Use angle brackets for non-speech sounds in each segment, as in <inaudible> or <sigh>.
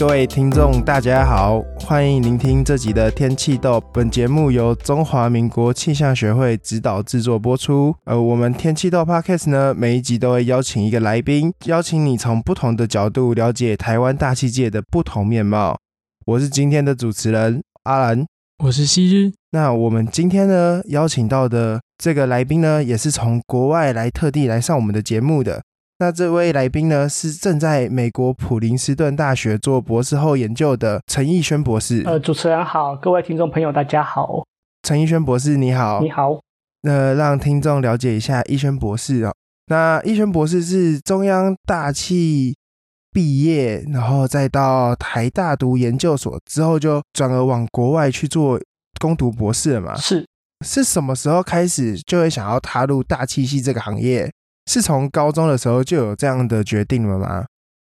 各位聽眾，大家好，歡迎聆聽這集的《天氣豆》。本節目由中華民國氣象學會指導製作播出。而、呃、我們《天氣豆》Podcast 呢，每一集都會邀請一個來賓，邀請你從不同的角度了解台灣大氣界的不同面貌。我是今天的主持人阿蘭，我是西日。那我們今天呢，邀請到的這個來賓呢，也是從國外來特地來上我們的節目的。那這位來賓呢，是正在美國普林斯頓大學做博士後研究的陳毅軒博士。呃，主持人好，各位聽眾朋友大家好，陳毅軒博士你好，你好。那好、呃、讓聽眾了解一下毅軒博士哦。那毅軒博士是中央大氣畢業，然後再到台大讀研究所之後，就轉而往國外去做攻讀博士了嘛？是，是什麼時候開始就會想要踏入大氣系這個行業？是從高中的時候就有這樣的決定了嗎？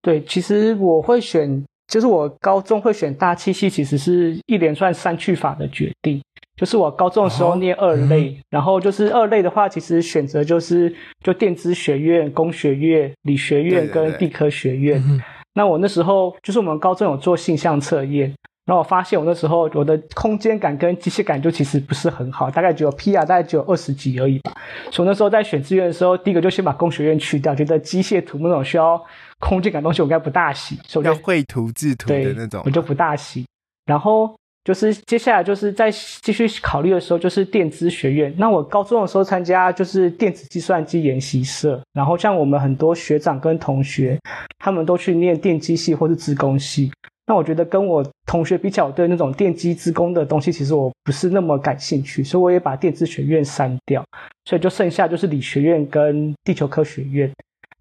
對，其實我會選，就是我高中會選大氣系，其實是一連串三去法的決定。就是我高中的時候念二類，哦嗯、然後就是二類的話，其實選擇就是就電子學院、工學院、理學院跟地科學院。對對對，那我那時候就是我們高中有做性向測驗。然後我發現我那時候我的空間感跟機械感就其實不是很好，大概只有 PR，大概只有二十幾而已吧。從那時候在選志願的時候，第一個就先把工學院去掉，覺得機械圖那種需要空間感的東西，我應該不大喜。要繪圖制圖的那種，我就不大喜。然後就是接下來就是在繼續考慮的時候，就是電資學院。那我高中的時候參加就是電子計算機研習社，然後像我們很多學長跟同學，他們都去念電機系或是資工系。那我覺得跟我同學比較，對那種電機資工的東西，其實我不是那麼感興趣，所以我也把電子學院刪掉，所以就剩下就是理學院跟地球科學院。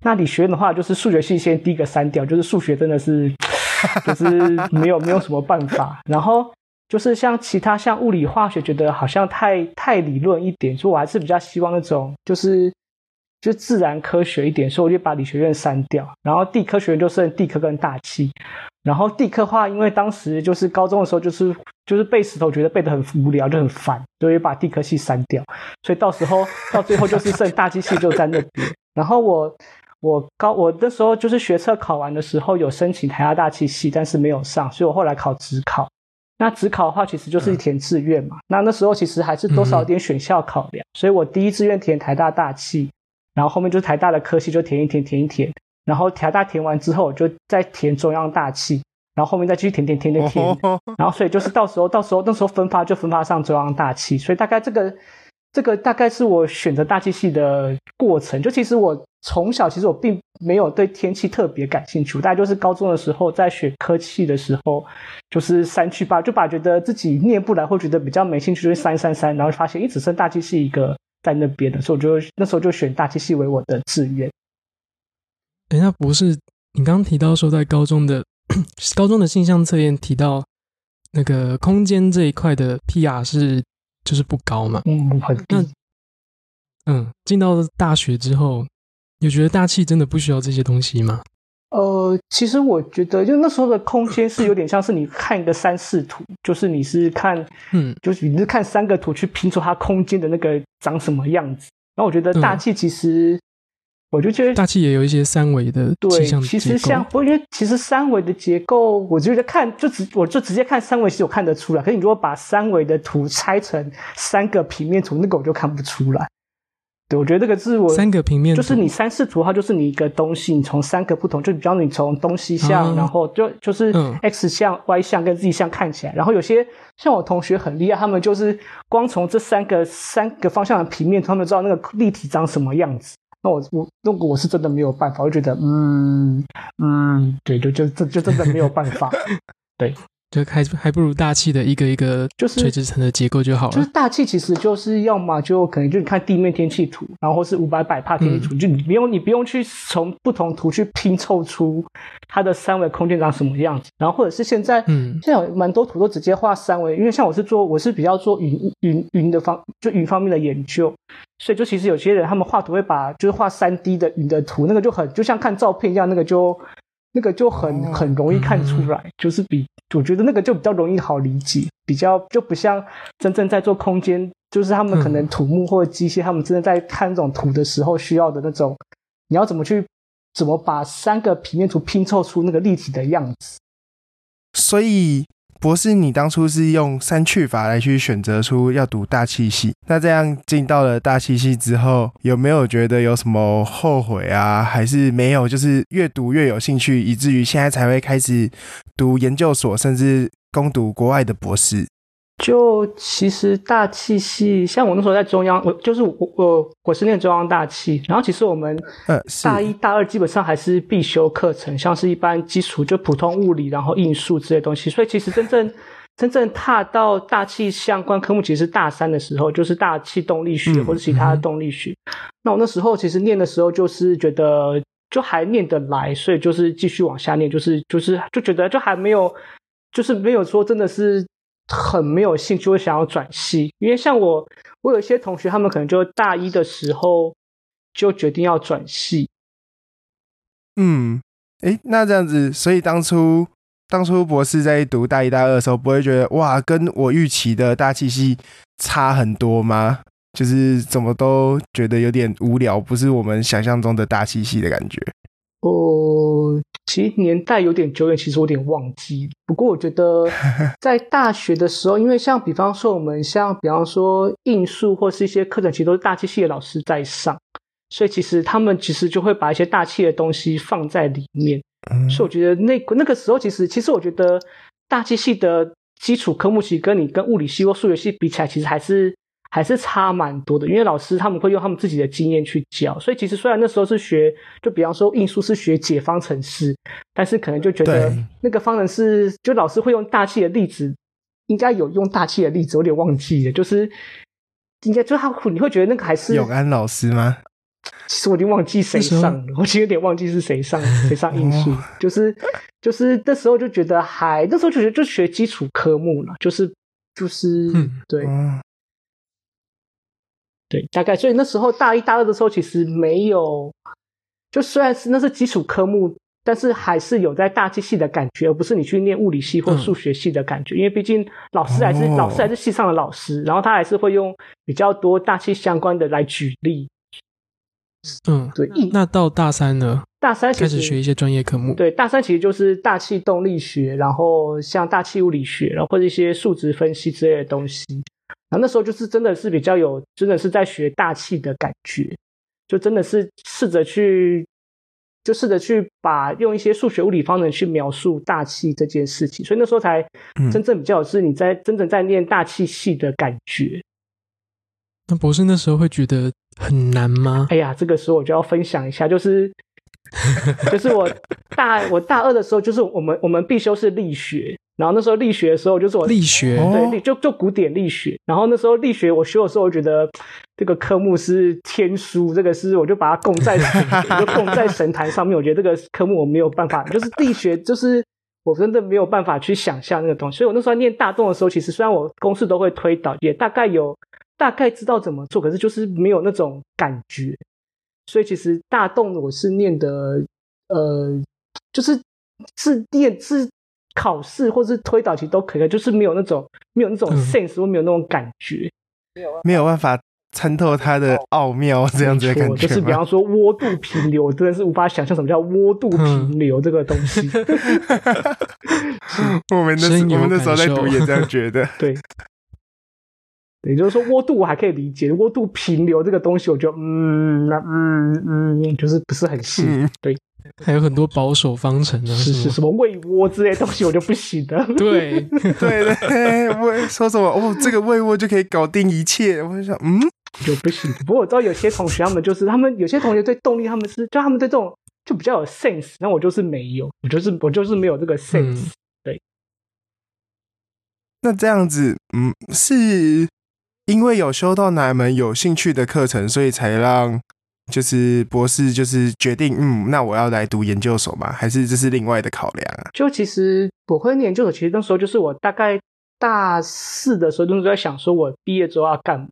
那理學院的話，就是數學系先第一個刪掉，就是數學真的是，就是沒有沒有什麼辦法。然後就是像其他像物理化學，覺得好像太，太理論一點，所以我還是比較希望那種就是。就自然科學一點，所以我就把理學院刪掉，然後地科學院就剩地科跟大氣。然後地科的話，因為當時就是高中的時候，就是就是背石頭，覺得背得很無聊，就很煩，所以把地科系刪掉。所以到時候到最後就是剩大氣系就在那邊。 <laughs> 然後我我高我那時候就是學測考完的時候有申請台大大氣系，但是沒有上，所以我後來考指考。那指考的話，其實就是填志願嘛。嗯、那那時候其實還是多少有點選校考量，嗯、所以我第一志願填台大大氣。然後後面就是台大的科系就填一填填一填，然後台大填完之後就再填中央大氣，然後後面再繼續填填填填填，填，填，然後所以就是到時候到時候那時候分發就分發上中央大氣，所以大概這個這個大概是我選擇大氣系的過程。就其實我從小其實我並沒有對天氣特別感興趣，大概就是高中的時候在選科系的時候就是刪去吧，就把覺得自己念不來會覺得比較沒興趣，就是刪刪刪，然後發現一只剩大氣系一個。在那邊的時候，我就那時候就選大氣系為我的志願。哎、欸，那不是你剛剛提到說，在高中的高中的性向測驗提到那個空間這一塊的 PR 是就是不高嘛？嗯，很低那嗯，進到大學之後，你覺得大氣真的不需要這些東西嗎？呃，其實我覺得，就那時候的空間是有點像是你看一個三視圖，就是你是看，嗯，就是你是看三個圖去拼出它空間的那個長什麼樣子。然後我覺得大氣其實，嗯、我就覺得大氣也有一些三維的氣象。對，其實像，我覺得其實三維的結構，我就覺得看就直，我就直接看三維其實我看得出來。可是你如果把三維的圖拆成三個平面圖，那個我就看不出來。對，我覺得這個字，我三個平面就是你三視圖，它就是你一個東西，你從三個不同，就比方你從東西向，啊、然後就就是 x 向、嗯、y 向跟 z 向看起來，然後有些像我同學很厲害，他們就是光從這三個三個方向的平面，他們知道那個立體長什麼樣子。那我我那我是真的沒有辦法，我就覺得嗯嗯，對，就就就真的沒有辦法， <laughs> 對。就還還不如大氣的一個一個就是垂直層的結構就好了。就是、就是大氣其實就是要麼就可能就你看地面天氣圖，然後是五百百帕天氣圖，嗯、就你不用你不用去從不同圖去拼湊出它的三維空間長什麼樣子。然後或者是現在，嗯，現在有蠻多圖都直接畫三維，因為像我是做我是比較做雲雲雲的方就雲方面的研究，所以就其實有些人他們畫圖會把就是畫三 D 的雲的圖，那個就很就像看照片一樣，那個就。那個就很很容易看出來，哦嗯、就是比我覺得那個就比較容易好理解，比較就不像真正在做空間，就是他們可能土木或者機械，他們真的在看那種圖的時候需要的那種，你要怎麼去怎麼把三個平面圖拼湊出那個立體的樣子，所以。博士，你當初是用刪去法來去選擇出要讀大氣系，那這樣進到了大氣系之後，有沒有覺得有什麼後悔啊？還是沒有？就是越讀越有興趣，以至於現在才會開始讀研究所，甚至攻讀國外的博士。就其實大氣系，像我那時候在中央，我就是我我我是念中央大氣，然後其實我們呃大一大二基本上還是必修課程，像是一般基礎就普通物理，然後應數之類東西。所以其實真正真正踏到大氣相關科目，其實是大三的時候，就是大氣動力學或者其他的動力學。那我那時候其實念的時候，就是覺得就還念得來，所以就是繼續往下念，就是就是就覺得就還沒有，就是沒有說真的是。很沒有興趣，我想要轉系，因為像我，我有一些同學，他們可能就大一的時候就決定要轉系。嗯，誒、欸，那這樣子，所以當初當初博士在讀大一大二的時候，不會覺得哇，跟我預期的大氣系差很多嗎？就是怎麼都覺得有點無聊，不是我們想象中的大氣系的感覺。哦，oh, 其實年代有點久遠，其實我有點忘記。不過我覺得在大學的時候，因為像比方說我們像比方說應數或是一些課程其實都是大氣系的老師在上，所以其實他們其實就會把一些大氣的東西放在裡面。嗯。所以我覺得那那個時候其實其實我覺得大氣系的基礎科目其實跟你跟物理系或數學系比起來，其實還是。還是差蠻多的，因為老師他們會用他們自己的經驗去教，所以其實雖然那時候是學，就比方說應數是學解方程式，但是可能就覺得那個方程式，對就老師會用大氣的例子，應該有用大氣的例子，我有點忘記了，就是應該就他你會覺得那個還是永安老師嗎？其實我已經忘記誰上了，我其實有點忘記是誰上、嗯、誰上應數，哦、就是就是那時候就覺得還那時候就覺得就學基礎科目了，就是就是、嗯、對。哦對，大概所以那時候大一大二的時候，其實沒有，就雖然是那是基礎科目，但是還是有在大氣系的感覺，而不是你去念物理系或數學系的感覺。嗯、因為畢竟老師還是、哦、老師還是系上的老師，然後他還是會用比較多大氣相關的來舉例。嗯，對。那到大三呢？大三開始學一些專業科目。對，大三其實就是大氣動力學，然後像大氣物理學，然後或者一些數值分析之類的東西。然、啊、那時候就是真的是比較有，真的是在學大氣的感覺，就真的是試着去，就試着去把用一些數學物理方程去描述大氣這件事情，所以那時候才真正比較有、嗯、是你在真正在念大氣系的感覺。那博士那時候會覺得很難嗎？哎呀，這個時候我就要分享一下，就是就是我大我大二的時候，就是我們我們必修是力學。然後那時候力學的時候，我就是我力學，對，就就古典力學。然後那時候力學我學的時候，我覺得這個科目是天書，這個是我就把它供在就供在神壇上面。我覺得這個科目我沒有辦法，就是力學，就是我真的沒有辦法去想象那個東西。所以我那時候念大動的時候，其實雖然我公式都會推導，也大概有大概知道怎麼做，可是就是沒有那種感覺。所以其實大動我是念的呃，就是自電自，考試或是推導其實都可以，就是沒有那種沒有那種 sense，嗯、或沒有那種感覺，沒有辦法沒有辦法參透它的奧妙這樣子的感覺、哦。就是比方說渦度平流， <laughs> 我真的是無法想象什麼叫渦度平流這個東西。我們那時候在讀也這樣覺得， <laughs> 對。也就是說渦度我還可以理解，渦度平流這個東西，我覺得嗯，那嗯嗯，就是不是很清，嗯、對。還有很多保守方程呢。是是，什麼位渦之類東西，我就不行的。 <laughs> 對對對，我說什麼哦，這個位渦就可以搞定一切。我就想，嗯，就不行。不過我知道有些同學他們就是，他們有些同學對動力他們是，就他們對這種就比較有 sense，那我就是沒有，我就是我就是沒有這個 sense、嗯。對，那這樣子，嗯，是因為有修到哪一門有興趣的課程，所以才讓。就是博士，就是決定，嗯，那我要來讀研究所嗎？還是這是另外的考量啊？就其實我會念研究所，其實那時候就是我大概大四的時候，那時候在想說，我畢業之後要幹嘛？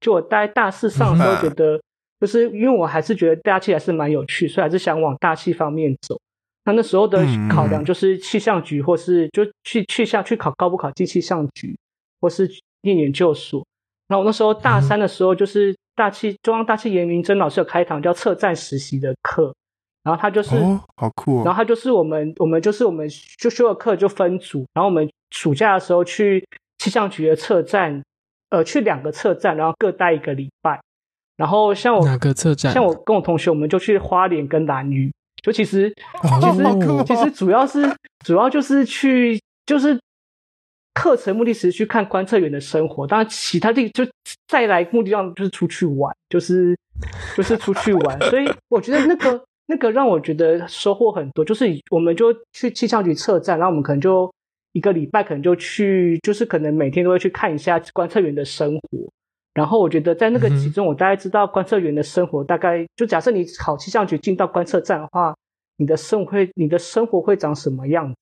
就我在大,大四上的時候覺得，就是因為我還是覺得大氣還是蠻有趣，嗯啊、所以還是想往大氣方面走。那那時候的考量就是氣象局，或是就去去下、嗯、去考高不考進氣象局，或是念研究所。然後我那時候大三的時候就是、嗯。大氣中央大氣嚴明真老師有開堂叫測站實習的課，然後他就是、哦、好酷、哦，然後他就是我們我們就是我們就修的課就分組，然後我們暑假的時候去氣象局的測站，呃，去兩個測站，然後各待一個禮拜，然後像我兩個測站，像我跟我同學，我們就去花蓮跟蘭嶼，就其實其實、哦哦、其實主要是主要就是去就是。課程目的是去看觀測員的生活，當然其他地就再來目的上就是出去玩，就是就是出去玩。所以我覺得那個那個讓我覺得收穫很多，就是我們就去氣象局測站，然後我們可能就一個禮拜，可能就去，就是可能每天都會去看一下觀測員的生活。然後我覺得在那個其中，我大概知道觀測員的生活大概、嗯、哼就假設你考氣象局進到觀測站的話，你的生活會你的生活會長什麼樣子。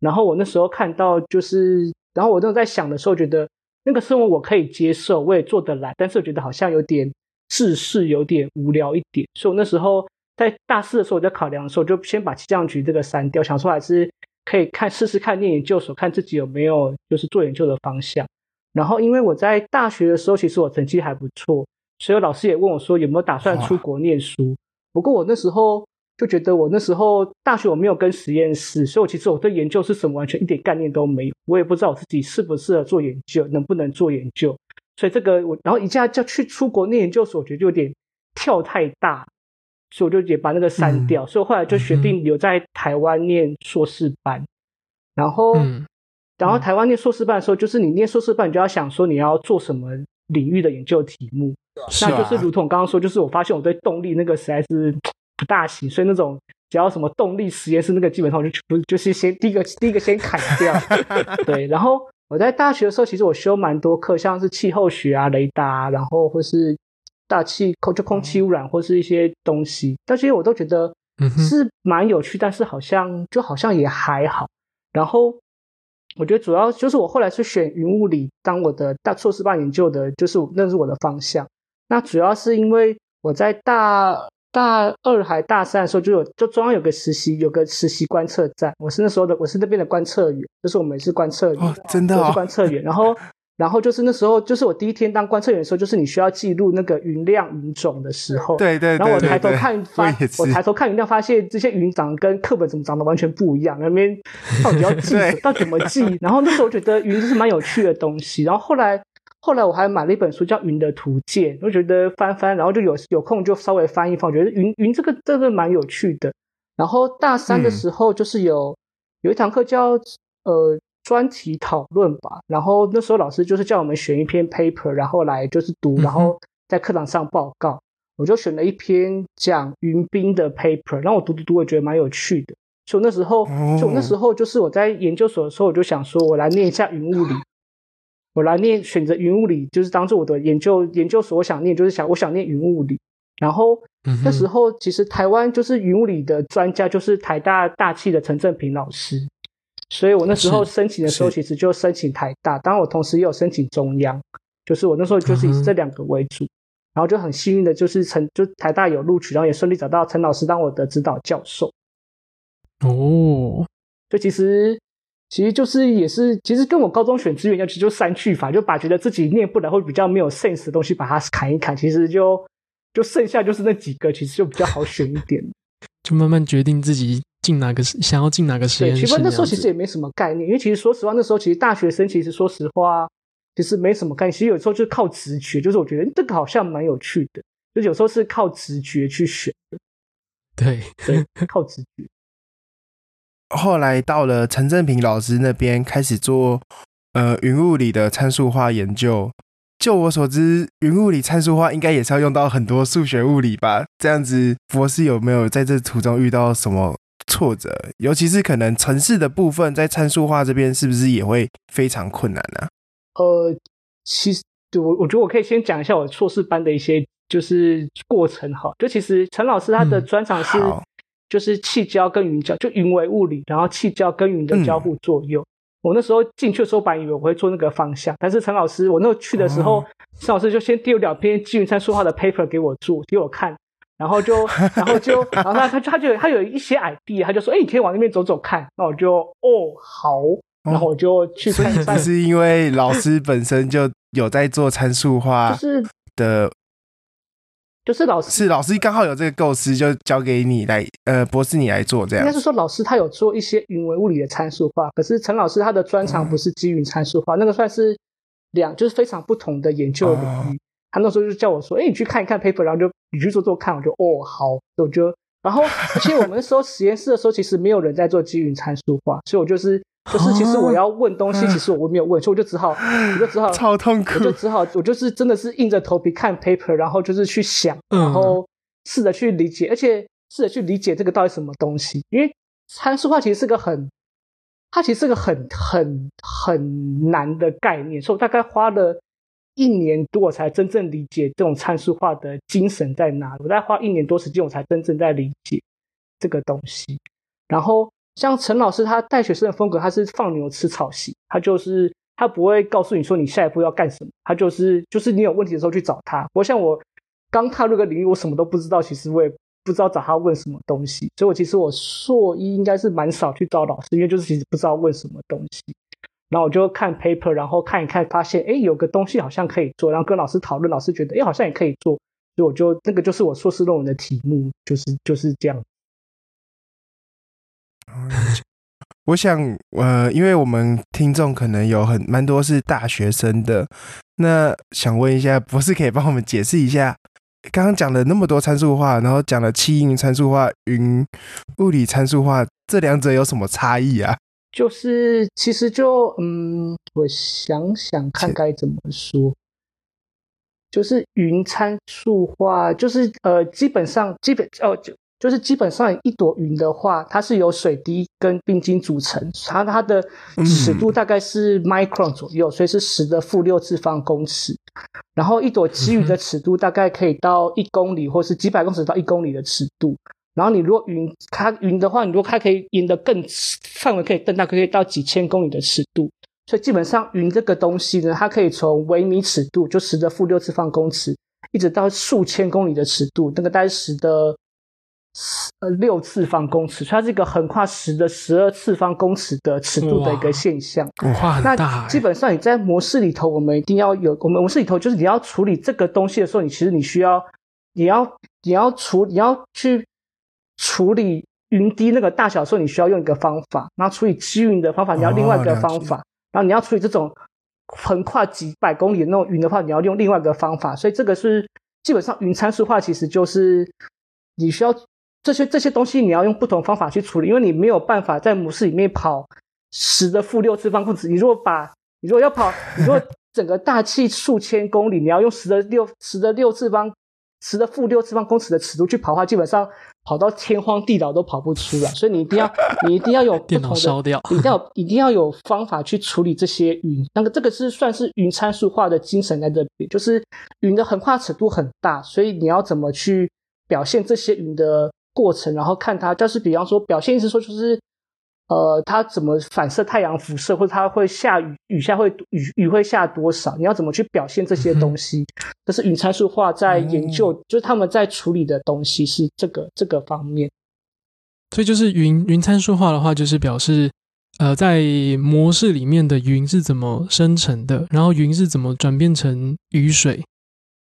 然後我那時候看到就是。然後我正在想的時候，覺得那個生活我可以接受，我也做得來，但是我覺得好像有點世事有點無聊一點，所以我那時候在大四的時候我在考量的時候，就先把氣象局這個刪掉，想說還是可以看試試看念研究所，看自己有沒有就是做研究的方向。然後因為我在大學的時候，其實我成績還不錯，所以我老師也問我說有沒有打算出國念書。啊、不過我那時候。就覺得我那時候大學我沒有跟實驗室，所以我其實我對研究是什麼完全一點概念都沒有，我也不知道我自己適不適合做研究，能不能做研究。所以這個我，然後一下就去出國念研究所，我覺得就有點跳太大，所以我就也把那個刪掉。嗯、所以我後來就決定留在台灣念碩士班，嗯、然後，嗯、然後台灣念碩士班的時候，嗯、就是你念碩士班，你就要想說你要做什麼領域的研究題目，啊、那就是如同剛剛說，就是我發現我對動力那個實在是。大型，所以那種只要什麼動力實驗室那個基本上我就不，就是先第一個第一個先砍掉， <laughs> 對。然後我在大學的時候，其實我修蠻多課，像是氣候學啊、雷達啊，然後或是大氣空就空氣污染或是一些東西，但其實我都覺得是蠻有趣，嗯哼。但是好像就好像也還好。然後我覺得主要就是我後來是選雲物理當我的大碩士班研究的，就是那是我的方向。那主要是因為我在大。大二還大三的時候，就有就中央有個實習，有個實習觀測站。我是那時候的，我是那邊的觀測員，就是我們是觀測員。真的。我是觀測員。然後，然後就是那時候，就是我第一天當觀測員的時候，就是你需要記錄那個雲量雲種的時候。對對。然後我抬頭看發，我抬頭看雲量，發現這些雲長得跟課本怎麼長得完全不一樣。那邊到底要記，到底要怎麼記？然後那時候我覺得雲就是蠻有趣的東西。然後後來。後來我還買了一本書叫《雲的圖鑑》，我覺得翻翻，然後就有有空就稍微翻一翻，我覺得雲雲這個真的、這個、蠻有趣的。然後大三的時候，就是有、嗯、有一堂課叫呃專題討論吧，然後那時候老師就是叫我們選一篇 paper，然後來就是讀，然後在課堂上報告。嗯、哼我就選了一篇講雲冰的 paper，讓我讀讀讀，我覺得蠻有趣的。就那時候，就、嗯、那時候就是我在研究所的時候，我就想說我來念一下雲物理。 <laughs> 我來念，選擇雲物理就是當做我的研究研究所我想念，就是想我想念雲物理。然後、嗯、哼那時候其實台灣就是雲物理的專家就是台大大氣的陳正平老師，所以我那時候申請的時候其實就申請台大，當然我同時也有申請中央，是就是我那時候就是以這兩個為主，嗯、哼然後就很幸運的就是陳就台大有錄取，然後也順利找到陳老師當我的指導教授。哦，就其實。其實就是也是，其實跟我高中選志願一樣，其實就刪去法，就把覺得自己念不來或比較沒有 sense 的東西把它砍一砍，其實就就剩下就是那幾個，其實就比較好選一點， <laughs> 就慢慢決定自己進哪個，想要進哪個實驗室。對，其實那時候其實也沒什麼概念， <laughs> 因為其實說實話，那時候其實大學生其實說實話其實沒什麼概念，其實有時候就是靠直覺，就是我覺得這個好像蠻有趣的，就是、有時候是靠直覺去選。對，對，靠直覺。後來到了陳正平老師那邊，開始做呃雲物理的參數化研究。就我所知，雲物理參數化應該也是要用到很多數學物理吧？這樣子，博士有沒有在這途中遇到什麼挫折？尤其是可能程式的部分，在參數化這邊是不是也會非常困難呢、啊？呃，其實我，我覺得我可以先講一下我碩士班的一些就是過程哈。就其實陳老師他的專長是、嗯。就是氣膠跟雲膠，就雲微物理，然後氣膠跟雲的交互作用。嗯、我那時候進去的時候本來以為我會做那個方向。但是陳老師，我那時候去的時候，陳、嗯、老師就先丟兩篇基於參數化的 paper 給我做，給我看。然後就，然後就， <laughs> 然後他他他就,他,就他有一些 idea，他就說，哎、欸，你可以往那邊走走看。那我就，哦，好。然後我就去參。哦、是,是,是,是因為老師本身就有在做參數化的。 <laughs> 就是就是老師是，是老師剛好有這個構思，就交給你來，呃，博士你來做這樣。應該是說老師他有做一些雲紋物理的參數化，可是陳老師他的專長不是積雲參數化，嗯、那個算是兩就是非常不同的研究領域。哦、他那時候就叫我說，哎、欸，你去看一看 paper，然後就你去做做看，我就哦好，我就。然後其實我們說實驗室的時候， <laughs> 其實沒有人在做積雲參數化，所以我就是。可是其實我要問東西，其實我沒有問，哦、所以我就只好，嗯、我就只好，超痛苦，我就只好，我就是真的是硬着頭皮看 paper，然後就是去想，然後試着去理解，嗯、而且試着去理解這個到底什麼東西。因為參數化其實是個很，它其實是個很很很難的概念，所以我大概花了一年多我才真正理解這種參數化的精神在哪裡，我大概花一年多時間，我才真正在理解這個東西，然後。像陳老師他帶學生的風格，他是放牛吃草型，他就是他不會告訴你說你下一步要幹什麼，他就是就是你有問題的時候去找他。我想我剛踏入這個領域，我什麼都不知道，其實我也不知道找他問什麼東西，所以，我其實我碩一應該是蠻少去找老師，因為就是其實不知道問什麼東西。然後我就看 paper，然後看一看，發現哎、欸、有個東西好像可以做，然後跟老師討論，老師覺得哎、欸、好像也可以做，所以我就那個就是我碩士論文的題目，就是就是這樣。 <laughs> 我想，呃，因為我們聽眾可能有很蠻多是大學生的，那想問一下，博士可以幫我們解釋一下，剛剛講了那麼多參數化，然後講了積雲參數化、雲物理參數化，這兩者有什麼差異啊？就是其實就，嗯，我想想看該怎麼說，解 就是雲參數化，就是呃，基本上基本哦就。就是基本上一朵雲的話，它是由水滴跟冰晶組成，它它的尺度大概是 micron 左右，所以是十的負六次方公尺。然後一朵積雲的尺度大概可以到一公里，或是幾百公尺到一公里的尺度。然後你如果雲它雲的話，你如果它可以贏得更範圍可以更大，可以到幾千公里的尺度。所以基本上雲這個東西呢，它可以從微米尺度就十的負六次方公尺，一直到數千公里的尺度，那個單十的。十呃，六次方公尺，它是一個橫跨十的十二次方公尺的尺度的一個現象。大哇。那基本上你在模式裡頭，我們一定要有，我們模式裡頭就是你要處理這個東西的時候，你其實你需要，你要你要處你要去處理雲滴那個大小的時候，你需要用一個方法，然後處理積雲的方法，你要另外一個方法，然後你要處理這種橫跨幾百公里的那種雲的話，你要用另外一個方法。所以這個是基本上雲參數化其實就是你需要。這些這些東西你要用不同方法去處理，因為你沒有辦法在模式裡面跑十的負六次方公尺。你如果把，你如果要跑，你如果整個大氣數千公里，你要用十的六十的六次方，十的負六次方公尺的尺度去跑的話，基本上跑到天荒地老都跑不出來。所以你一定要，你一定要有不同的， <laughs> 電腦燒掉，一定要一定要有方法去處理這些雲。那個這個是算是雲參數化的精神在這裡，就是雲的橫跨尺度很大，所以你要怎麼去表現這些雲的過程，然後看它，就是比方說表現意思說，就是呃，它怎麼反射太陽輻射，或者它會下雨，雨下會雨雨會下多少？你要怎麼去表現這些東西？但是雲參數化在研究，嗯、就是他們在處理的東西是這個這個方面。所以就是雲雲參數化的話，就是表示呃，在模式裡面的雲是怎麼生成的，然後雲是怎麼轉變成雨水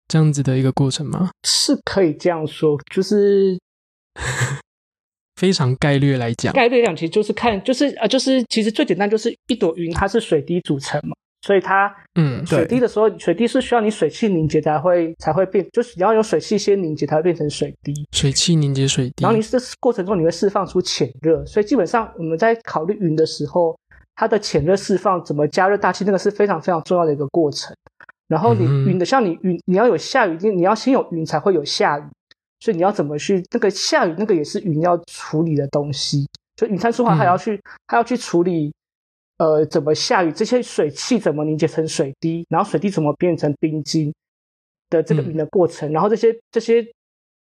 這樣子的一個過程嗎？是可以這樣說，就是。 <laughs> 非常概略來講，概略來講，其實就是看，就是啊，就是其實最簡單就是一朵雲，它是水滴組成嘛，所以它，嗯，水滴的時候，嗯、水滴是需要你水汽凝結才會才會變，就是要有水汽先凝結，才會變成水滴。水汽凝結水滴，然後你這個過程中你會釋放出潛熱，所以基本上我們在考慮雲的時候，它的潛熱釋放怎麼加熱大氣，那個是非常非常重要的一個過程。然後你雲的，嗯、像你雲，你要有下雨，你你要先有雲才會有下雨。所以你要怎麼去那個下雨？那個也是雲要處理的東西。所以雲參數化，嗯、它要去，它要去處理，呃，怎麼下雨？這些水汽怎麼凝結成水滴，然後水滴怎麼變成冰晶的這個雲的過程？嗯、然後這些這些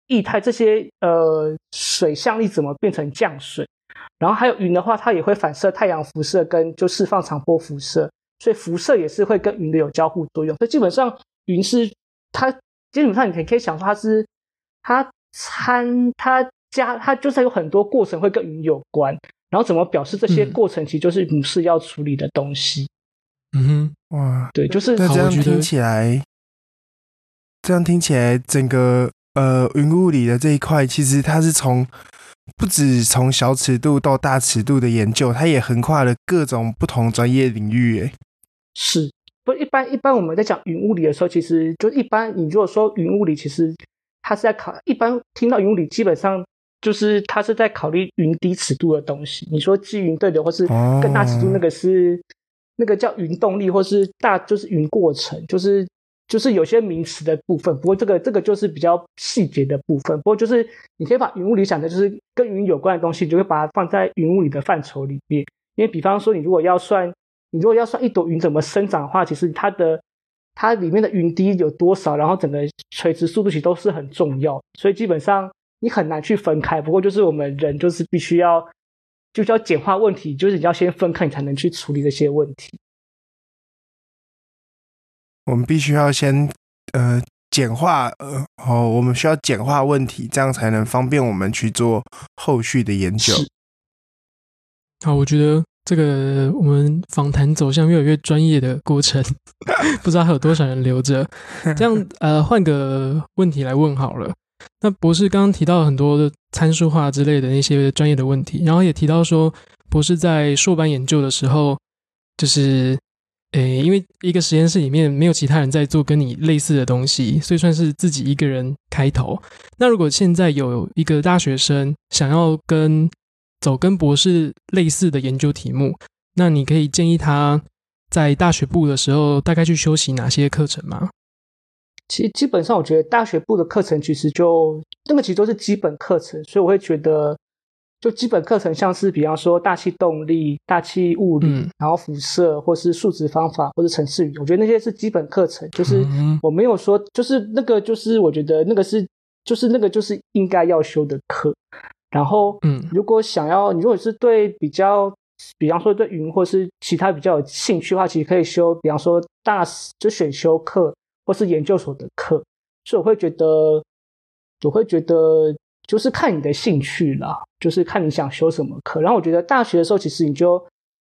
液態這些呃水向力怎麼變成降水？然後還有雲的話，它也會反射太陽輻射，跟就釋放長波輻射，所以輻射也是會跟雲的有交互作用。所以基本上雲是它基本上你可以想說它是。它參它加它就是有很多過程會跟雲有關，然後怎麼表示這些過程其實就是不是要處理的東西？嗯哼，哇，對，就是那這樣聽起來，這樣聽起來，整個呃雲物理的這一塊其實它是從不止從小尺度到大尺度的研究，它也橫跨了各種不同專業領域。哎，是不一般一般我們在講雲物理的時候，其實就一般你如果說雲物理，其實。他是在考一般聽到雲物理，基本上就是他是在考慮雲低尺度的東西。你說積雲對流，或是更大尺度那個是、嗯、那個叫雲動力，或是大就是雲過程，就是就是有些名詞的部分。不過這個這個就是比較細節的部分。不過就是你可以把雲物理想的就是跟雲有關的東西，你就會把它放在雲物理的範疇裡面。因為比方說，你如果要算你如果要算一朵雲怎麼生長的話，其實它的。它裡面的雲滴有多少，然後整個垂直速度其實都是很重要，所以基本上你很難去分開。不過就是我們人就是必須要，就是要簡化問題，就是你要先分開，你才能去處理這些問題。我們必須要先呃簡化呃，好，我們需要簡化問題，這樣才能方便我們去做後續的研究。好，我覺得。這個我們訪談走向越來越專業的過程，不知道還有多少人留着？這樣，呃，換個問題來問好了。那博士剛剛提到很多的參數化之類的那些專業的問題，然後也提到說，博士在碩班研究的時候，就是，誒，因為一個實驗室裡面沒有其他人在做跟你類似的東西，所以算是自己一個人開頭。那如果現在有一個大學生想要跟走跟博士類似的研究題目，那你可以建議他在大學部的時候大概去修習哪些課程嗎？其實基本上，我覺得大學部的課程其實就那個，其實都是基本課程，所以我會覺得，就基本課程像是比方說大氣動力、大氣物理，嗯、然後輻射或是數值方法或是程式語，我覺得那些是基本課程，就是我沒有說就是那個就是我覺得那個是就是那個就是應該要修的課。然後，嗯，如果想要你，如果是對比較，比方說對雲或是其他比較有興趣的話，其實可以修，比方說大就選修課，或是研究所的課。所以我會覺得，我會覺得就是看你的興趣啦，就是看你想修什麼課。然後我覺得大學的時候，其實你就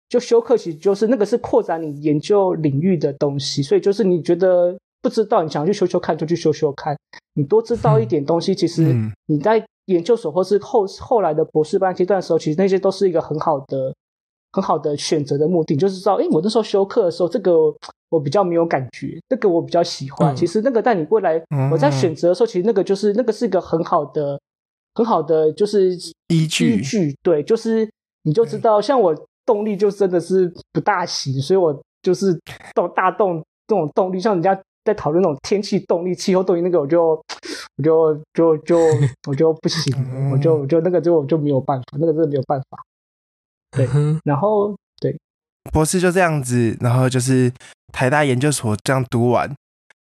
就修課，其實就是那個是擴展你研究領域的東西。所以就是你覺得不知道你想去修修看，就去修修看，你多知道一點東西。嗯，其實你在。研究所或是後後來的博士班階段的時候，其實那些都是一個很好的、很好的選擇的目的，就是知道，哎，我那時候修課的時候，這個我，我比較沒有感覺，那個我比較喜歡。嗯、其實那個帶，但你未來我在選擇的時候，其實那個就是那個是一個很好的、嗯、很好的，就是依據。依據對，就是你就知道，對像我動力就真的是不大行，所以我就是動大動這種動力，像人家。在討論那種天氣動力、氣候動力那個我就，我就我就就就我就不行， <laughs> 嗯、我就我就那個就我就沒有辦法，那個真的沒有辦法。對，然後對博士就這樣子，然後就是台大研究所這樣讀完，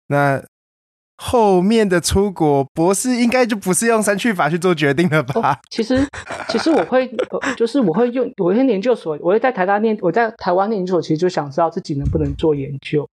那後面的出國博士應該就不是用刪去法去做決定了吧？哦、其實，其實我會， <laughs> 呃、就是我會用我在研究所，我會在台大念，我在台灣念研究所，其實就想知道自己能不能做研究。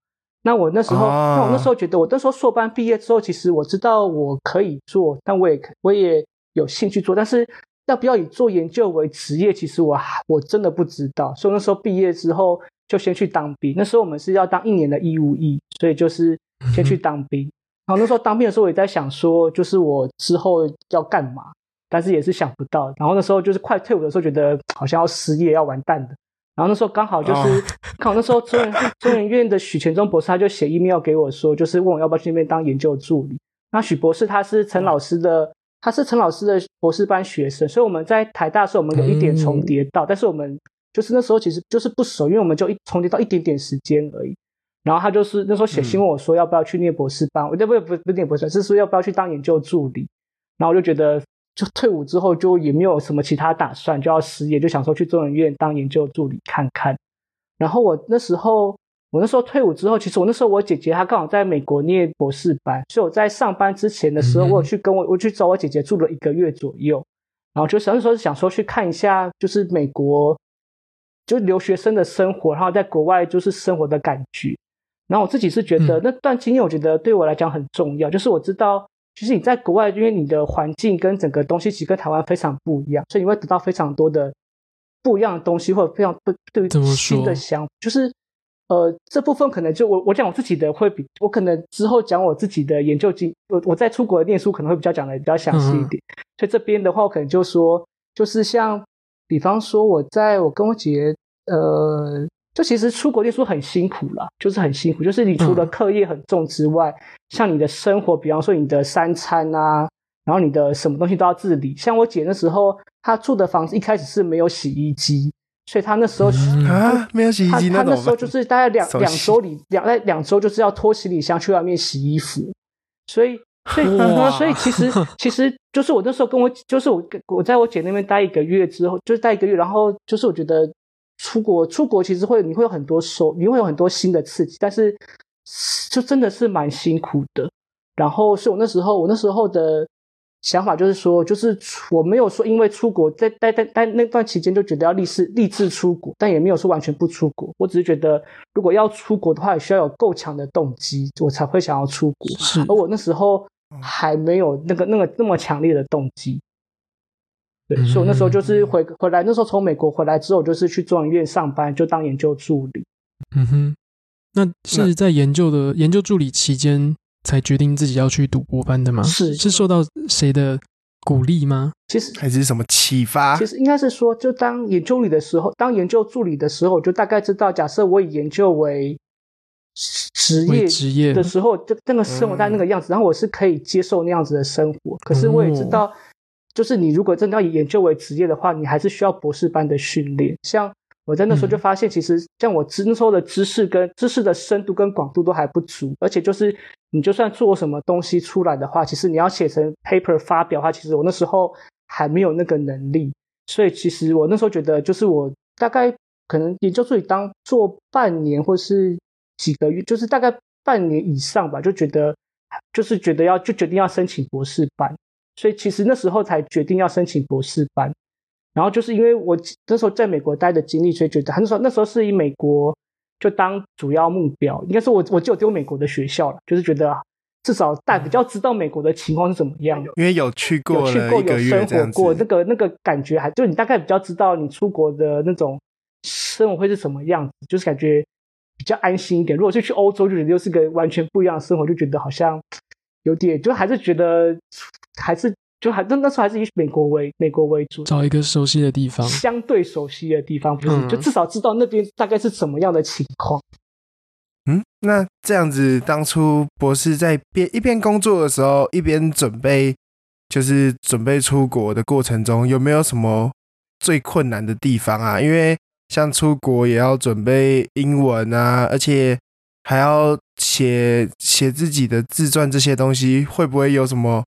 那我那時候，oh. 那我那時候覺得，我那時候碩班畢業之後，其實我知道我可以做，但我也可我也有興趣做，但是要不要以做研究為職業，其實我還我真的不知道。所以那時候畢業之後就先去當兵。那時候我們是要當一年的義務役，所以就是先去當兵。嗯、哼然後那時候當兵的時候，我也在想說，就是我之後要幹嘛，但是也是想不到。然後那時候就是快退伍的時候，覺得好像要失業，要完蛋的。然後那時候剛好就是，oh. 剛好那時候中研中研院的許全忠博士他就寫 email 給我說，就是問我要不要去那邊當研究助理。那許博士他是陳老師的，嗯、他是陳老師的博士班學生，所以我們在台大的時候，我們有一點重疊到，嗯、但是我們就是那時候其實就是不熟，因為我們就一重疊到一點點時間而已。然後他就是那時候寫信問我說要不要去念博士班，我就、嗯、不不不，不，不念博士班，是說要不要去當研究助理。然後我就覺得。就退伍之後，就也沒有什麼其他打算，就要失業，就想說去中研院當研究助理看看。然後我那時候，我那時候退伍之後，其實我那時候我姐姐她剛好在美國念博士班，所以我在上班之前的時候，我有去跟我我去找我姐姐住了一個月左右。嗯、哼然後就想說是想說去看一下，就是美國就留學生的生活，然後在國外就是生活的感覺。然後我自己是覺得那段經驗，我覺得對我來講很重要，嗯、就是我知道。其實你在國外，因為你的環境跟整個東西其實跟台灣非常不一樣，所以你會得到非常多的不一樣的東西，或者非常不對於新的想法。就是呃，這部分可能就我我講我自己的會比我可能之後講我自己的研究經，我我在出國的念書可能會比較講的比較詳細一點。嗯、所以這邊的話，我可能就說，就是像比方說，我在我跟我姐姐呃。就其實出國念書很辛苦啦，就是很辛苦，就是你除了課業很重之外，嗯、像你的生活，比方說你的三餐啊，然後你的什麼東西都要自理。像我姐那時候，她住的房子一開始是沒有洗衣機，所以她那時候啊，嗯、他沒有洗衣機那種，她那時候就是大概兩悉兩周裡兩在兩周就是要拖行李箱去外面洗衣服，所以所以哇所以其實其實就是我那時候跟我就是我我在我姐那邊待一個月之後，就是待一個月，然後就是我覺得。出國，出國其實會，你會有很多受，你會有很多新的刺激，但是就真的是蠻辛苦的。然後是我那時候，我那時候的想法就是說，就是我沒有說因為出國在待待待那段期間就覺得要立志立志出國，但也沒有說完全不出國。我只是覺得如果要出國的話，也需要有夠強的動機，我才會想要出國。是，而我那時候還沒有那個那個那麼強烈的動機。對，所以我那時候就是回回來，那時候從美國回來之後，就是去中研院上班，就當研究助理。嗯哼，那是在研究的研究助理期間才決定自己要去讀博班的嗎？是是受到誰的鼓勵嗎？其實還是什麼啟發？其實應該是說，就當研究里的時候，當研究助理的時候，我就大概知道，假設我以研究為職業職業的時候，就那個生活在那個樣子，嗯、然後我是可以接受那樣子的生活，可是我也知道。哦就是你如果真的要以研究為職業的話，你還是需要博士班的訓練。像我在那時候就發現，其實像我那時候的知識跟、嗯、知識的深度跟廣度都還不足，而且就是你就算做什麼東西出來的話，其實你要寫成 paper 發表的話，其實我那時候還沒有那個能力。所以其實我那時候覺得，就是我大概可能研究助理當做半年或是幾個月，就是大概半年以上吧，就覺得就是覺得要就決定要申請博士班。所以其實那時候才決定要申請博士班，然後就是因為我那時候在美國待的經歷，所以覺得還是說那時候是以美國就當主要目標。應該說，我我就丟美國的學校了，就是覺得至少大比較知道美國的情況是怎麼樣。嗯，因為有去過一個月，有去過，有生活過，那個那個感覺還就你大概比較知道你出國的那種生活會是什麼樣子，就是感覺比較安心一點。如果是去歐洲，就覺得又是個完全不一樣的生活，就覺得好像有點，就還是覺得。還是就還那那時候還是以美國為美國為主，找一個熟悉的地方，相對熟悉的地方不，嗯，就至少知道那邊大概是什麼樣的情況。嗯，那這樣子，當初博士在邊一邊工作的時候，一邊準備，就是準備出國的過程中，有沒有什麼最困難的地方啊？因為像出國也要準備英文啊，而且還要寫寫自己的自傳這些東西，會不會有什麼？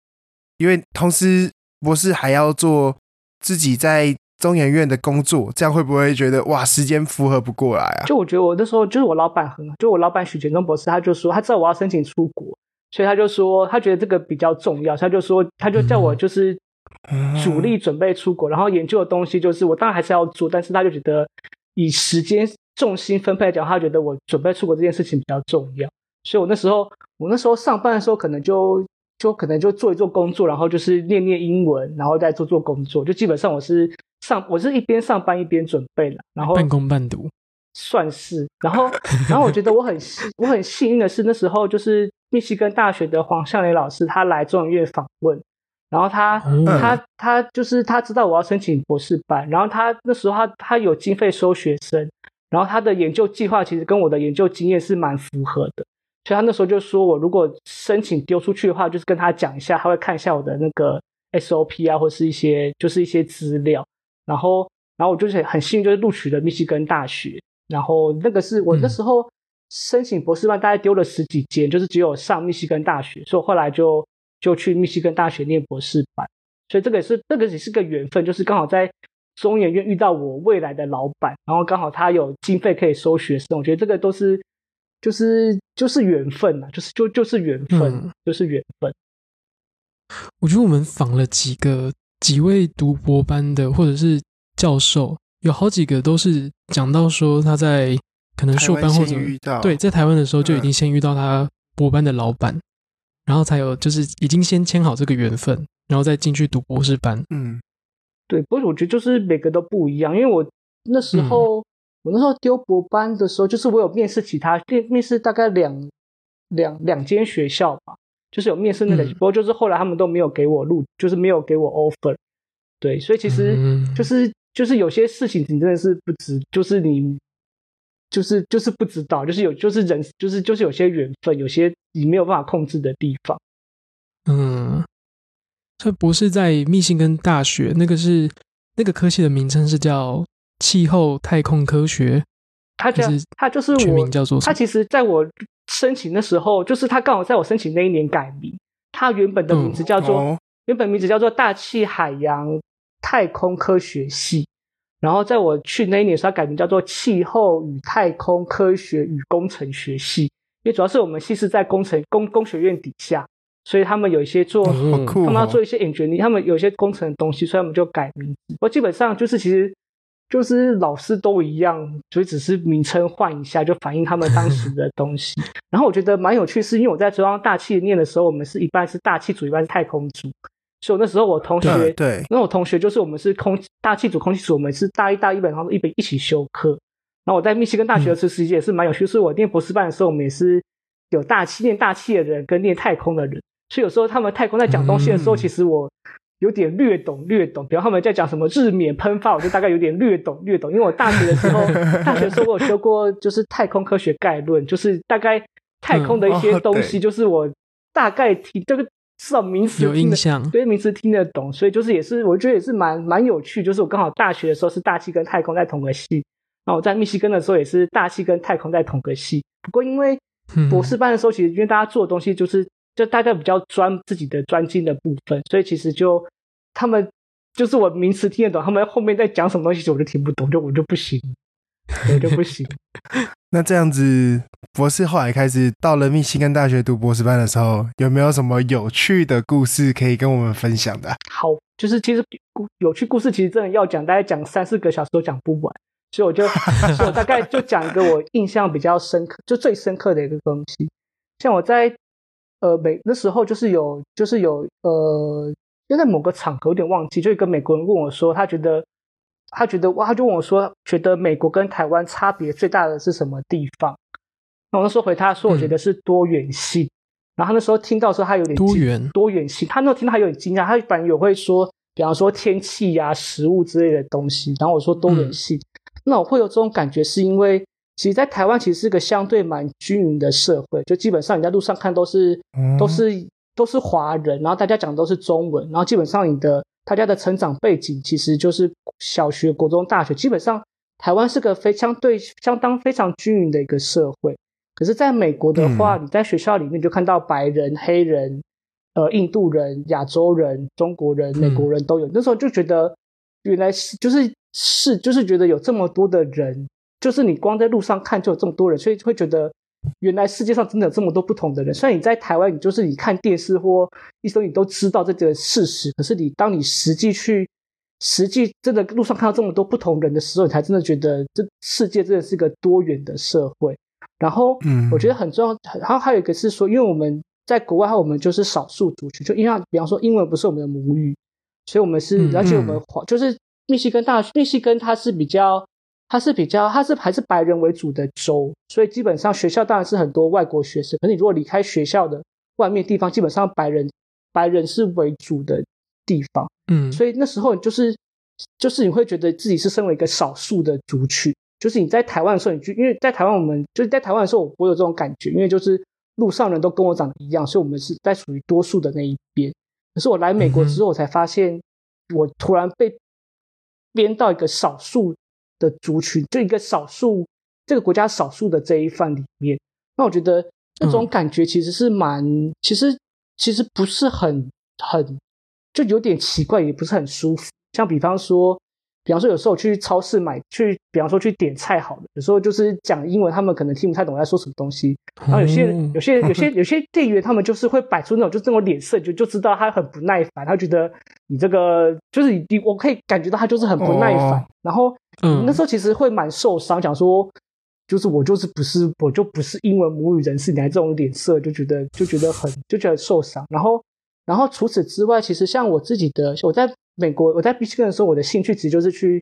因為同時博士還要做自己在中研院的工作，這樣會不會覺得哇時間負荷不過來啊？就我覺得我那時候就是我老闆很，就我老闆許杰忠博士，他就說他知道我要申請出國，所以他就說他覺得這個比較重要，他就說他就叫我就是主力準備出國，嗯、然後研究的東西就是我當然還是要做，但是他就覺得以時間重心分配來講，他覺得我準備出國這件事情比較重要，所以我那時候我那時候上班的時候可能就。就可能就做一做工作，然後就是念念英文，然後再做做工作。就基本上我是上，我是一邊上班一邊準備了，然後半工半讀算是。辦辦然後，然後我覺得我很 <laughs> 我很幸運的是，那時候就是密西根大學的黃向磊老師他來中文院訪問，然後他、嗯、他他就是他知道我要申請博士班，然後他那時候他他有經費收學生，然後他的研究計劃其實跟我的研究經驗是蠻符合的。所以，他那時候就說，我如果申請丟出去的話，就是跟他講一下，他會看一下我的那個 SOP 啊，或是一些就是一些資料。然後，然後我就是很幸運，就是錄取了密西根大學。然後，那個是我那時候申請博士班，大概丟了十幾間，嗯、就是只有上密西根大學。所以我後來就就去密西根大學念博士班。所以這個也是這個也是個緣分，就是剛好在中研院遇到我未來的老闆，然後剛好他有經費可以收學生。我覺得這個都是。就是就是緣分吶，就是就就是緣分啊，就是緣分。嗯，我覺得我們訪了幾個幾位讀博班的，或者是教授，有好幾個都是講到說他在可能碩班或者遇到，對，在台灣的時候就已經先遇到他博班的老闆，嗯，然後才有就是已經先簽好這個緣分，然後再進去讀博士班。嗯，對，不是，我覺得就是每個都不一樣，因為我那時候，嗯。我那時候丟博班的時候，就是我有面試其他面面試大概兩兩兩間學校吧，就是有面試的。嗯、不過就是後來他們都沒有給我錄，就是沒有給我 offer。對，所以其實就是、嗯就是、就是有些事情你真的是不知，就是你就是就是不知道，就是有就是人就是就是有些緣分，有些你沒有辦法控制的地方。嗯，這博士在密西根大學那個是那個科系的名稱是叫，氣候太空科學，他就叫是他就是我。名叫做他。其實，在我申請的時候，就是他剛好在我申請那一年改名。他原本的名字叫做、嗯、原本名字叫做大氣海洋太空科學系，嗯、然後在我去那一年的時候，他改名叫做氣候與太空科學與工程學系。因為主要是我們系是在工程工工學院底下，所以他們有一些做，嗯哦、他們要做一些 engineering，你他們有一些工程的東西，所以我們就改名字。我基本上就是其實。就是老師都一樣，所以只是名稱換一下，就反映他們當時的東西。 <laughs> 然後我覺得蠻有趣的是，是因為我在中央大氣念的時候，我們是一半是大氣組，一半是太空組。所以我那時候我同學，對，對那我同學就是我們是空大氣組，空氣組，我們是大一大一本，然後一本一起修課。然後我在密西根大學的時候，實際也是蠻有趣。所以、嗯、我念博士班的時候，我們也是有大氣念大氣的人跟念太空的人，所以有時候他們太空在講東西的時候，嗯、其實我。有點略懂略懂，比方他們在講什麼日冕噴發，我就大概有點略懂略懂。因為我大學的時候， <laughs> 大學的時候我學過就是太空科學概論，就是大概太空的一些東西，就是我大概聽這個這種名詞有印象，對，名詞聽得懂，所以就是也是我覺得也是蠻蠻有趣。就是我剛好大學的時候是大氣跟太空在同個系，然後我在密西根的時候也是大氣跟太空在同個系。不過因為博士班的時候，其實因為大家做的東西就是。就大概比較專，自己的專精的部分，所以其實就他們就是我名詞聽得懂，他們後面在講什麼東西，我就聽不懂，就我就不行，我就不行。不行，那這樣子，博士後來開始到了密西根大學讀博士班的時候，有沒有什麼有趣的故事可以跟我們分享的？好，就是其實有趣故事，其實真的要講，大概講三四個小時都講不完，所以我就所以我大概就講一個我印象比較深刻， <laughs> 就最深刻的一個東西，像我在。呃，美，那時候就是有，就是有，呃，因為在某個場合有點忘記，就一個美國人問我說，說他覺得，他覺得哇，他就問我說，覺得美國跟台灣差別最大的是什麼地方？那我那時候回他說，我覺得是多元性。嗯、然後那時候聽到說他有點多元多元性，他那時候聽到他有點驚訝，他反正有會說，比方說天氣呀、啊、食物之類的東西。然後我說多元性，嗯、那我會有這種感覺是因為。其實，在台灣其實是個相對蠻均勻的社會，就基本上你在路上看都是、嗯、都是都是華人，然後大家講的都是中文，然後基本上你的大家的成長背景其實就是小學、國中、大學，基本上台灣是個非相對相當非常均勻的一個社會。可是，在美國的話，嗯、你在學校裡面就看到白人、黑人、呃、印度人、亞洲人、中國人、美國人都有，嗯、那時候就覺得原來是就是是就是覺得有這麼多的人。就是你光在路上看就有這麼多人，所以會覺得原來世界上真的有這麼多不同的人。雖然你在台灣，你就是你看電視或一些你都知道這個事實，可是你當你實際去實際真的路上看到這麼多不同人的時候，你才真的覺得這世界真的是一個多元的社會。然後，嗯，我覺得很重要。嗯、然後還有一個是說，因為我們在國外，我們就是少數族群，就因為比方說英文不是我們的母語，所以我們是而且、嗯嗯、我們就是密西根大學，密西根它是比較。它是比較，它是還是白人為主的州，所以基本上學校當然是很多外國學生。可是你如果離開學校的外面的地方，基本上白人白人是為主的，地方，嗯，所以那時候就是就是你會覺得自己是身為一個少數的族群。就是你在台灣的時候，你去，因為在台灣我們就是在台灣的時候，我不會有這種感覺，因為就是路上人都跟我長得一樣，所以我們是在屬於多數的那一邊。可是我來美國之後，我才發現我突然被編到一個少數的族群，就一個少數，這個國家少數的這一份裡面，那我覺得那種感覺其實是蠻，嗯、其實其實不是很很，就有點奇怪，也不是很舒服。像比方說，比方說有時候去超市買，去比方說去點菜，好了，有時候就是講英文，他們可能聽不太懂我在說什麼東西。然後有些、嗯、有些有些有些店員，他們就是會擺出那種就這種臉色，就就知道他很不耐煩，他覺得你這個就是你，我可以感覺到他就是很不耐煩，哦、然後。嗯，那時候其實會蠻受傷，想說就是我就是不是我就不是英文母語人士，你還這種臉色就，就覺得就覺得很就覺得受傷。然後，然後除此之外，其實像我自己的，我在美國，我在必須的時候，我的興趣其實就是去，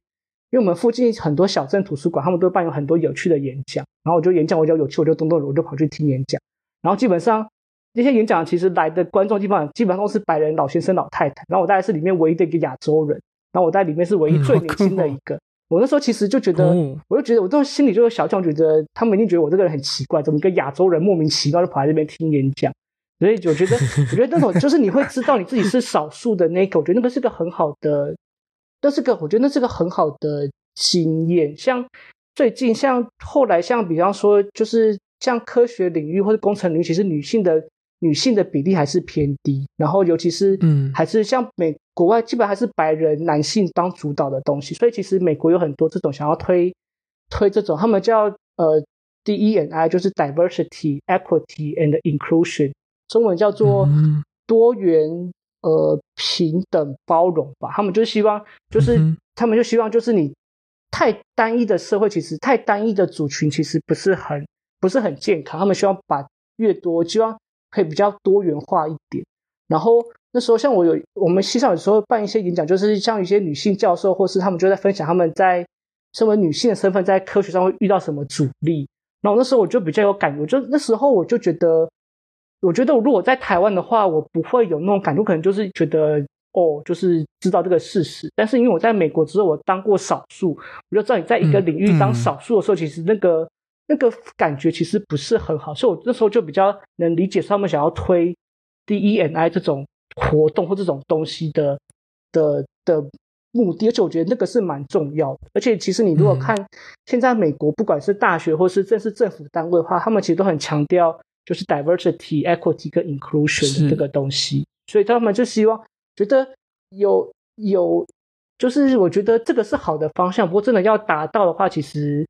因為我們附近很多小鎮圖書館，他們都辦有很多有趣的演講，然後我就演講，我就有趣，我就動動、動、動，我就跑去聽演講。然後基本上那些演講其實來的觀眾，基本上基本上都是白人老先生老太太，然後我大概是裡面唯一的一個亞洲人，然後我在裡面是唯一最年輕的一個。嗯我那時候其實就覺得，我就覺得，我這種心裡就有小小，覺得他們一定覺得我這個人很奇怪，怎麼一個亞洲人莫名其妙就跑來這邊聽演講？所以我覺得， <laughs> 我覺得那種就是你會知道你自己是少數的那個，我覺得那個是個很好的，那是個我覺得那是個很好的經驗。像最近，像後來，像比方說，就是像科學領域或者工程領域，其實女性的。女性的比例還是偏低，然後尤其是嗯，還是像美國外，基本還是白人男性當主導的東西。嗯、所以其實美國有很多這種想要推推這種，他們叫呃 D E and I，就是 Diversity, Equity and Inclusion，中文叫做多元呃平等包容吧。他們就希望，就是、嗯、哼他們就希望，就是你太單一的社會，其實太單一的族群，其實不是很不是很健康。他們希望把越多，希望可以比較多元化一點，然後那時候像我有，我們系上有時候辦一些演講，就是像一些女性教授，或是他們就在分享他們在身為女性的身份，在科學上會遇到什麼阻力。然後那時候我就比較有感覺，我就那時候我就覺得，我覺得我如果我在台灣的話，我不會有那種感覺，可能就是覺得哦，就是知道這個事實。但是因為我在美國只是我當過少數，我就知道你在一個領域當少數的時候，嗯嗯、其實那個。那個感覺其實不是很好，所以我那時候就比較能理解說他們想要推，DEI 這種活動或這種東西的的的目的。而且我覺得那個是蠻重要的。而且其實你如果看現在美國，不管是大學或是正式政府單位的話，嗯、他們其實都很強調就是 diversity、equity 跟 inclusion 這個東西。是所以他們就希望覺得有有，就是我覺得這個是好的方向。不過真的要達到的話，其實。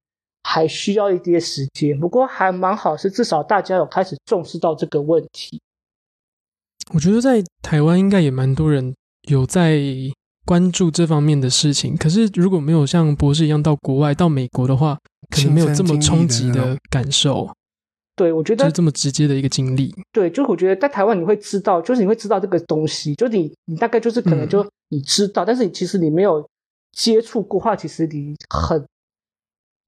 還需要一些時間，不過還蠻好，是至少大家有開始重視到這個問題。我覺得在台灣應該也蠻多人有在關注這方面的事情，可是如果沒有像博士一樣到國外到美國的話，可能沒有這麼衝擊的感受。對，我覺得這麼直接的一個經歷，對，就我覺得在台灣你會知道，就是你會知道這個東西，就你你大概就是可能就你知道，嗯、但是你其實你沒有接觸過話，其實你很。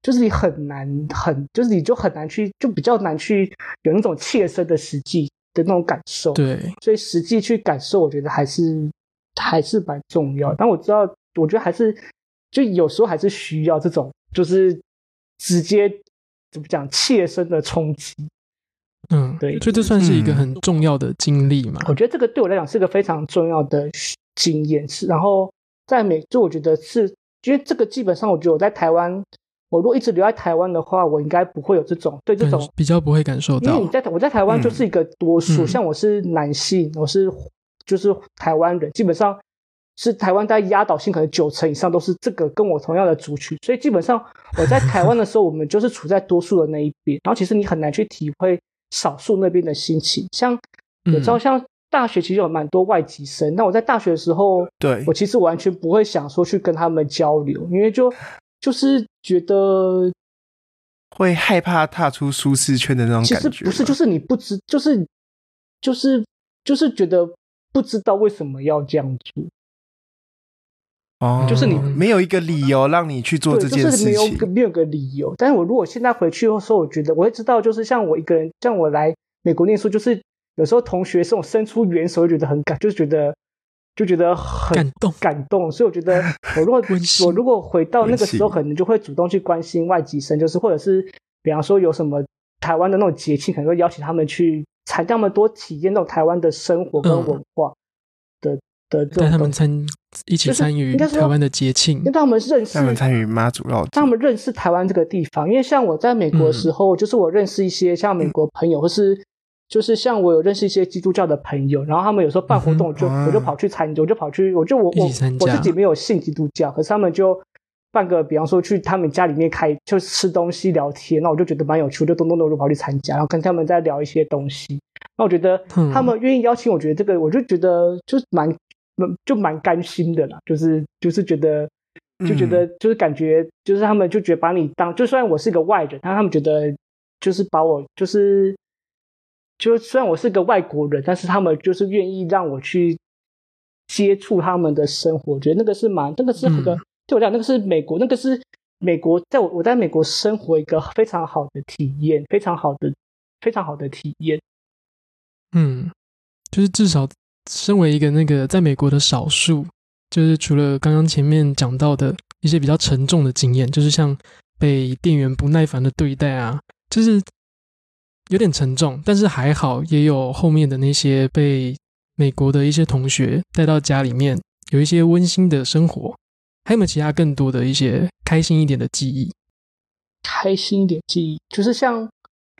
就是你很難，很就是你就很難去，就比較難去有那種切身的實際的那種感受。對，所以實際去感受，我覺得還是還是蠻重要的。但我知道，我覺得還是就有時候還是需要這種，就是直接怎麼講切身的衝擊。嗯，對，所以這算是一個很重要的經歷嘛。嗯，我覺得這個對我來講是一個非常重要的經驗。是，然後在美，就我覺得是，因為這個基本上我覺得我在台灣。我如果一直留在台灣的話，我應該不會有這種對這種比較不會感受到，因為你在我在台灣就是一個多數，嗯嗯、像我是男性，我是就是台灣人，基本上是台灣，在壓倒性可能九成以上都是這個跟我同樣的族群，所以基本上我在台灣的時候，我們就是處在多數的那一邊， <laughs> 然後其實你很難去體會少數那邊的心情，像你、嗯、知道，像大學其實有蠻多外籍生，那我在大學的時候，對我其實完全不會想說去跟他們交流，因為就就是。覺得會害怕踏出舒適圈的那種感覺？其實不是，就是你不知，就是，就是，就是覺得不知道為什麼要這樣做。哦，就是你沒有一個理由讓你去做這件事情，嗯就是、沒有個沒有個理由。但是我如果現在回去的時候，我覺得我會知道，就是像我一個人，像我來美國念書，就是有時候同學這種伸出援手，會覺得很感，就是覺得。就覺得很感動，感動。所以我覺得，我如果習我如果回到那個時候，習可能就會主動去關心外籍生，就是或者是，比方說有什麼台灣的那種節慶，可能會邀請他們去，才讓他們多體驗那種台灣的生活跟文化的、嗯的。的的，帶他們參一起參與，台灣的節慶，那他們認識，他們參與媽祖廟，他們認識台灣這個地方。因為像我在美國的時候，嗯、就是我認識一些像美國朋友，嗯、或是。就是像我有認識一些基督教的朋友，然後他們有時候辦活動，我就、嗯、哼我就跑去參加，我就跑去，我就我我我自己沒有信基督教，可是他們就辦個，比方說去他們家裡面開，就吃東西聊天，那我就覺得蠻有趣，就咚咚咚就跑去參加，然後跟他們在聊一些東西。那我覺得他們願意邀請我，覺得這個我就覺得就是蠻，就蠻甘心的啦，就是就是覺得就覺得就是感覺就是他們就覺得把你當，就算我是一個外人，但他們覺得就是把我就是。就雖然我是個外國人，但是他們就是願意讓我去接觸他們的生活，我覺得那個是蠻，那個是那個、嗯、對我講，那個是美國，那個是美國，在我我在美國生活一個非常好的體驗，非常好的非常好的體驗。嗯，就是至少身為一個那個在美國的少數，就是除了剛剛前面講到的一些比較沉重的經驗，就是像被店員不耐煩的對待啊，就是。有點沉重，但是還好，也有後面的那些被美國的一些同學帶到家裡面，有一些溫馨的生活。還有沒有其他更多的一些開心一點的記憶？開心一點記憶，就是像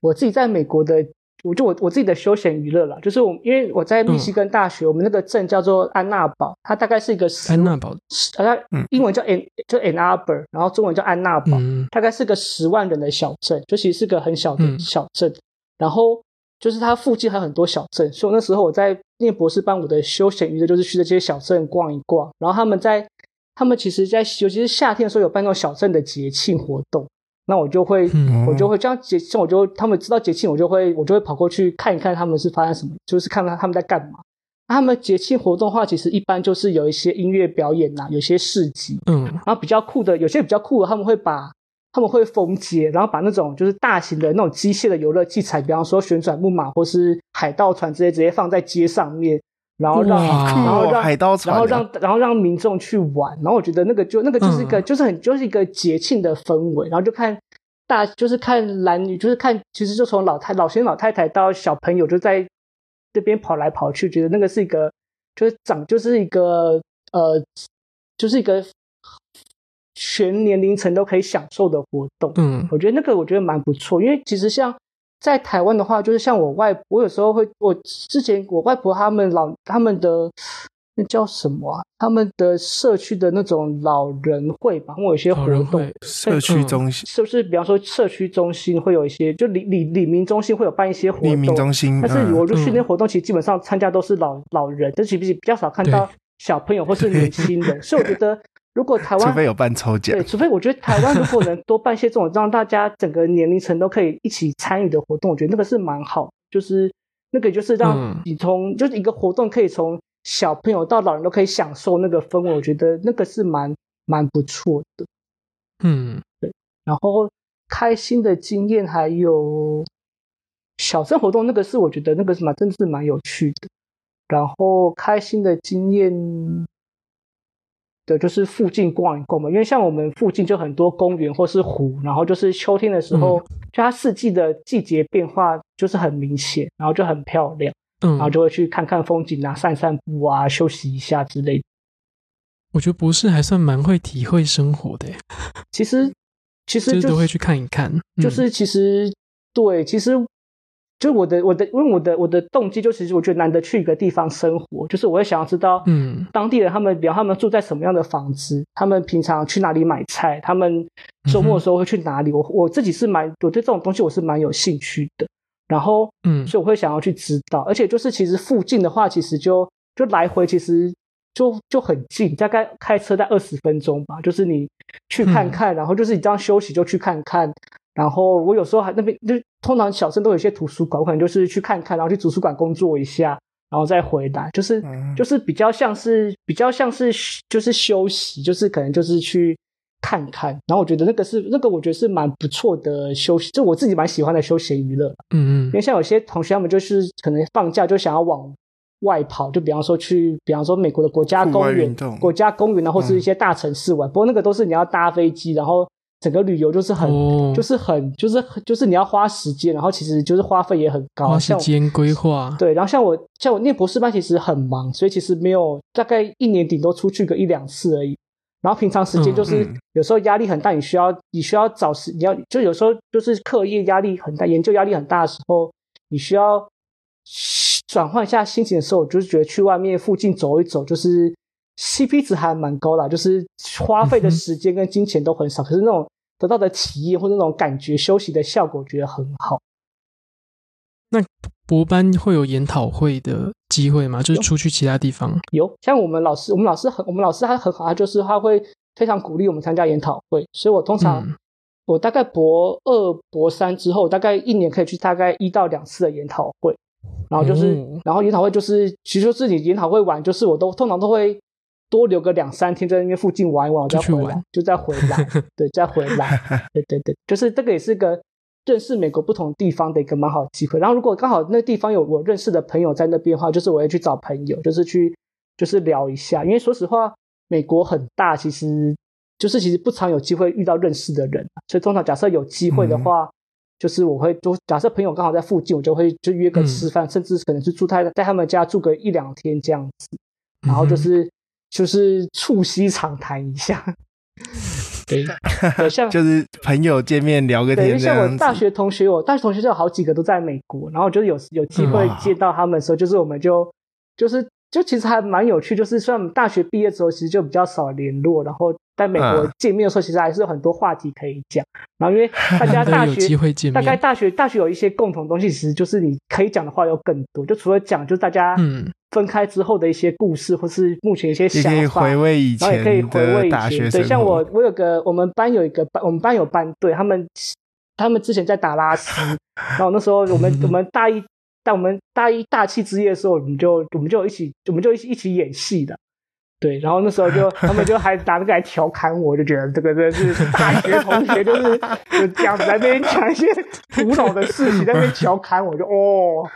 我自己在美國的，我就我我自己的休閒娛樂啦，就是我因為我在密西根大學，嗯、我們那個鎮叫做安娜堡，它大概是一個十安娜堡，好像英文叫 an、嗯、就 Ann Arbor，然後中文叫安娜堡，嗯、大概是個十萬人的小鎮，就其實是個很小的小鎮。嗯嗯然後就是它附近還有很多小鎮，所以我那時候我在念博士班，我的休閒娛樂就是去這些小鎮逛一逛。然後他們在，他們其實在尤其是夏天的時候有辦那種小鎮的節慶活動。那我就會，嗯、我就會這樣節慶，我就他們知道節慶，我就會我就會跑過去看一看，他們是發生什麼，就是看看他們在幹嘛。他們節慶活動的話，其實一般就是有一些音樂表演吶、啊，有些市集，嗯，然後比較酷的，有些比較酷的，他們會把。他們會封街，然後把那種就是大型的那種機械的遊樂器材，比方說旋轉木馬或是海盜船直接直接放在街上面，然後讓哇然後讓海盜船、啊，然後讓然後讓民眾去玩。然後我覺得那個就那個就是一個就是很就是一個節慶的氛圍。嗯、然後就看大就是看男女就是看，其實就從老太老先老太太到小朋友就在這邊跑來跑去，覺得那個是一個就是長就是一個呃就是一個。呃就是一個全年齡層都可以享受的活動，嗯，我覺得那個我覺得蠻不錯，因為其實像在台灣的話，就是像我外婆我有時候會，我之前我外婆他們老他們的那叫什麼啊？他們的社區的那種老人會吧，我有一些活動。社區中心、嗯、是不是？比方說社區中心會有一些，就里里里民中心會有辦一些活動。里民中心，嗯、但是我的訓練活動、嗯、其實基本上參加都是老老人，但是其實比較少看到小朋友或是年輕人，所以我覺得。 <laughs> 如果台灣除非有辦抽獎，對，除非我覺得台灣如果能多辦些這種讓大家整個年齡層都可以一起參與的活動， <laughs> 我覺得那個是蠻好，就是那個就是讓你從、嗯、就是一個活動可以從小朋友到老人都可以享受那個氛圍，我覺得那個是蠻蠻不錯的。嗯，對。然後開心的經驗還有小生活動，那個是我覺得那個什麼真的是蠻有趣的。然後開心的經驗。對，的就是附近逛一逛嘛，因為像我們附近就很多公園或是湖，然後就是秋天的時候，嗯、就它四季的季節變化就是很明顯，然後就很漂亮，嗯、然後就會去看看風景啊、散散步啊、休息一下之類的。我覺得博士還算蠻會體會生活的，其實，其實就是，就是都會去看一看，嗯、就是其實，對，其實。就我的我的，因為我的我的動機，就其實我覺得難得去一個地方生活，就是我會想要知道，嗯，當地人他們，比方他們住在什麼樣的房子，他們平常去哪裡買菜，他們周末的時候會去哪裡。我我自己是蠻，我對這種東西我是蠻有興趣的。然後，嗯，所以我會想要去知道，而且就是其實附近的話，其實就就來回其實就就很近，大概開車在二十分鐘吧。就是你去看看，然後就是你這樣休息就去看看。然後我有時候還那邊，就通常小鎮都有一些圖書館，我可能就是去看看，然後去圖書館工作一下，然後再回來，就是、嗯、就是比較像是比較像是就是休息，就是可能就是去看看。然後我覺得那個是那個我覺得是蠻不錯的休息，就我自己蠻喜歡的休閒娛樂。嗯嗯。因為像有些同學他們就是可能放假就想要往外跑，就比方說去比方說美國的國家公園、國家公園，然後是一些大城市玩。嗯、不過那個都是你要搭飛機，然後。整個旅遊就是很，oh, 就是很，就是就是你要花時間，然後其實就是花費也很高。花時間規劃。對，然後像我，像我念博士班其實很忙，所以其實沒有，大概一年頂多出去個一兩次而已。然後平常時間就是有時候壓力很大，嗯，你需要你需要找時，你要就有時候就是課業壓力很大，研究壓力很大的時候，你需要轉換一下心情的時候，我就是覺得去外面附近走一走，就是。CP 值還蠻高的，就是花費的時間跟金錢都很少，嗯、哼可是那種得到的體驗或那種感覺、休息的效果，我覺得很好。那博班會有研討會的機會嗎？有就是出去其他地方？有，像我們老師，我們老師很，我們老師他很好，他就是他會非常鼓勵我們參加研討會。所以我通常、嗯、我大概博二、博三之後，大概一年可以去大概一到兩次的研討會。然後就是，嗯、然後研討會就是，其實自己研討會完，就是我都通常都會。多留個兩三天，在那邊附近玩一玩，我再回來，就，就再回來， <laughs> 對，再回來，對對對，就是這個也是個認識美國不同地方的一個蠻好的機會。然後如果剛好那地方有我認識的朋友在那邊的話，就是我會去找朋友，就是去就是聊一下。因為說實話，美國很大，其實就是其實不常有機會遇到認識的人，所以通常假設有機會的話，嗯、就是我會就假設朋友剛好在附近，我就會就約個吃飯，嗯、甚至可能是住他，在他們家住個一兩天這樣子，然後就是。嗯就是促膝長談一下，對，像，就是朋友見面聊個天這樣子，像我大學同學有，我大學同學就有好幾個都在美國，然後就有有機會見到他們的時候，嗯啊、就是我們就就是。就其實還蠻有趣，就是雖然我們大學畢業之後，其實就比較少聯絡，然後在美國見面的時候，其實還是有很多話題可以講。嗯、然後因為大家大學大概大學大學有一些共同東西，其實就是你可以講的話有更多。就除了講，就大家分開之後的一些故事，嗯、或是目前一些想法，然後也可以回味以前，回味以前，對，像我，我有個我們班有一個班，我們班有班隊，他們他們之前在達拉斯， <laughs> 然後那時候我們、嗯、我們大一。在我們大一大氣之夜的時候，我們就我們就一起，我們就一起就一起演戲的，對。然後那時候就他們就還拿這個來調侃我，就覺得這個這是大學同學，就是就這樣 <laughs> 在那邊講一些古老的事情，在那邊調侃我就，就哦。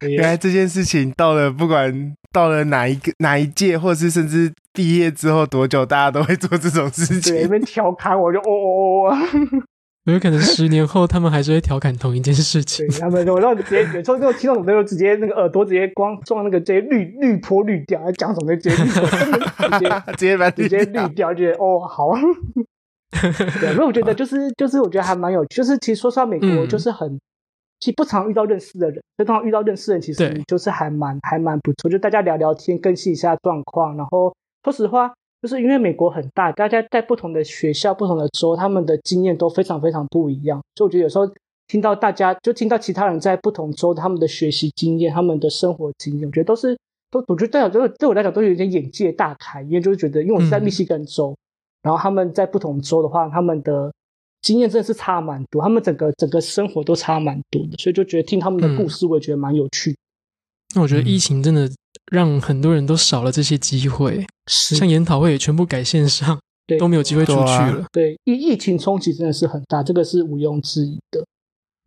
<laughs> 原來這件事情到了不管到了哪一個哪一屆，或是甚至畢業之後多久，大家都會做這種事情，對，在那邊調侃我就，就哦，哦哦哦。 <laughs> 有可能十年後， <laughs> 他們還是會調侃同一件事情。他們我讓直接，有時候就聽到我朋友直接那個耳朵直接光撞那個直接綠綠波綠掉，還講什麼直接綠波直接把接直接綠掉，覺得哦好啊。 <laughs> 對，不過我覺得就是好就是我覺得還蠻有趣，就是其實說實話美國就是很、嗯、其實不常遇到認識的人，就通常遇到認識的人其實就是還蠻對還蠻不錯，就大家聊聊天，更新一下狀況，然後說實話。就是因為美國很大，大家在不同的學校、不同的州，他們的經驗都非常非常不一樣。所以我覺得有時候聽到大家，就聽到其他人在不同州他們的學習經驗、他們的生活經驗，我覺得都是都，我覺得對我就是對我來講都有點眼界大開，因為就是覺得，因為我是在密西根州，嗯、然後他們在不同州的話，他們的經驗真的是差蠻多，他們整個整個生活都差蠻多的，所以就覺得聽他們的故事，我也覺得蠻有趣的。那、嗯、我覺得疫情真的、嗯。讓很多人都少了這些機會，是像研討會也全部改線上，對都沒有機會出去了。對，因為疫情衝擊真的是很大，這個是毋庸置疑的。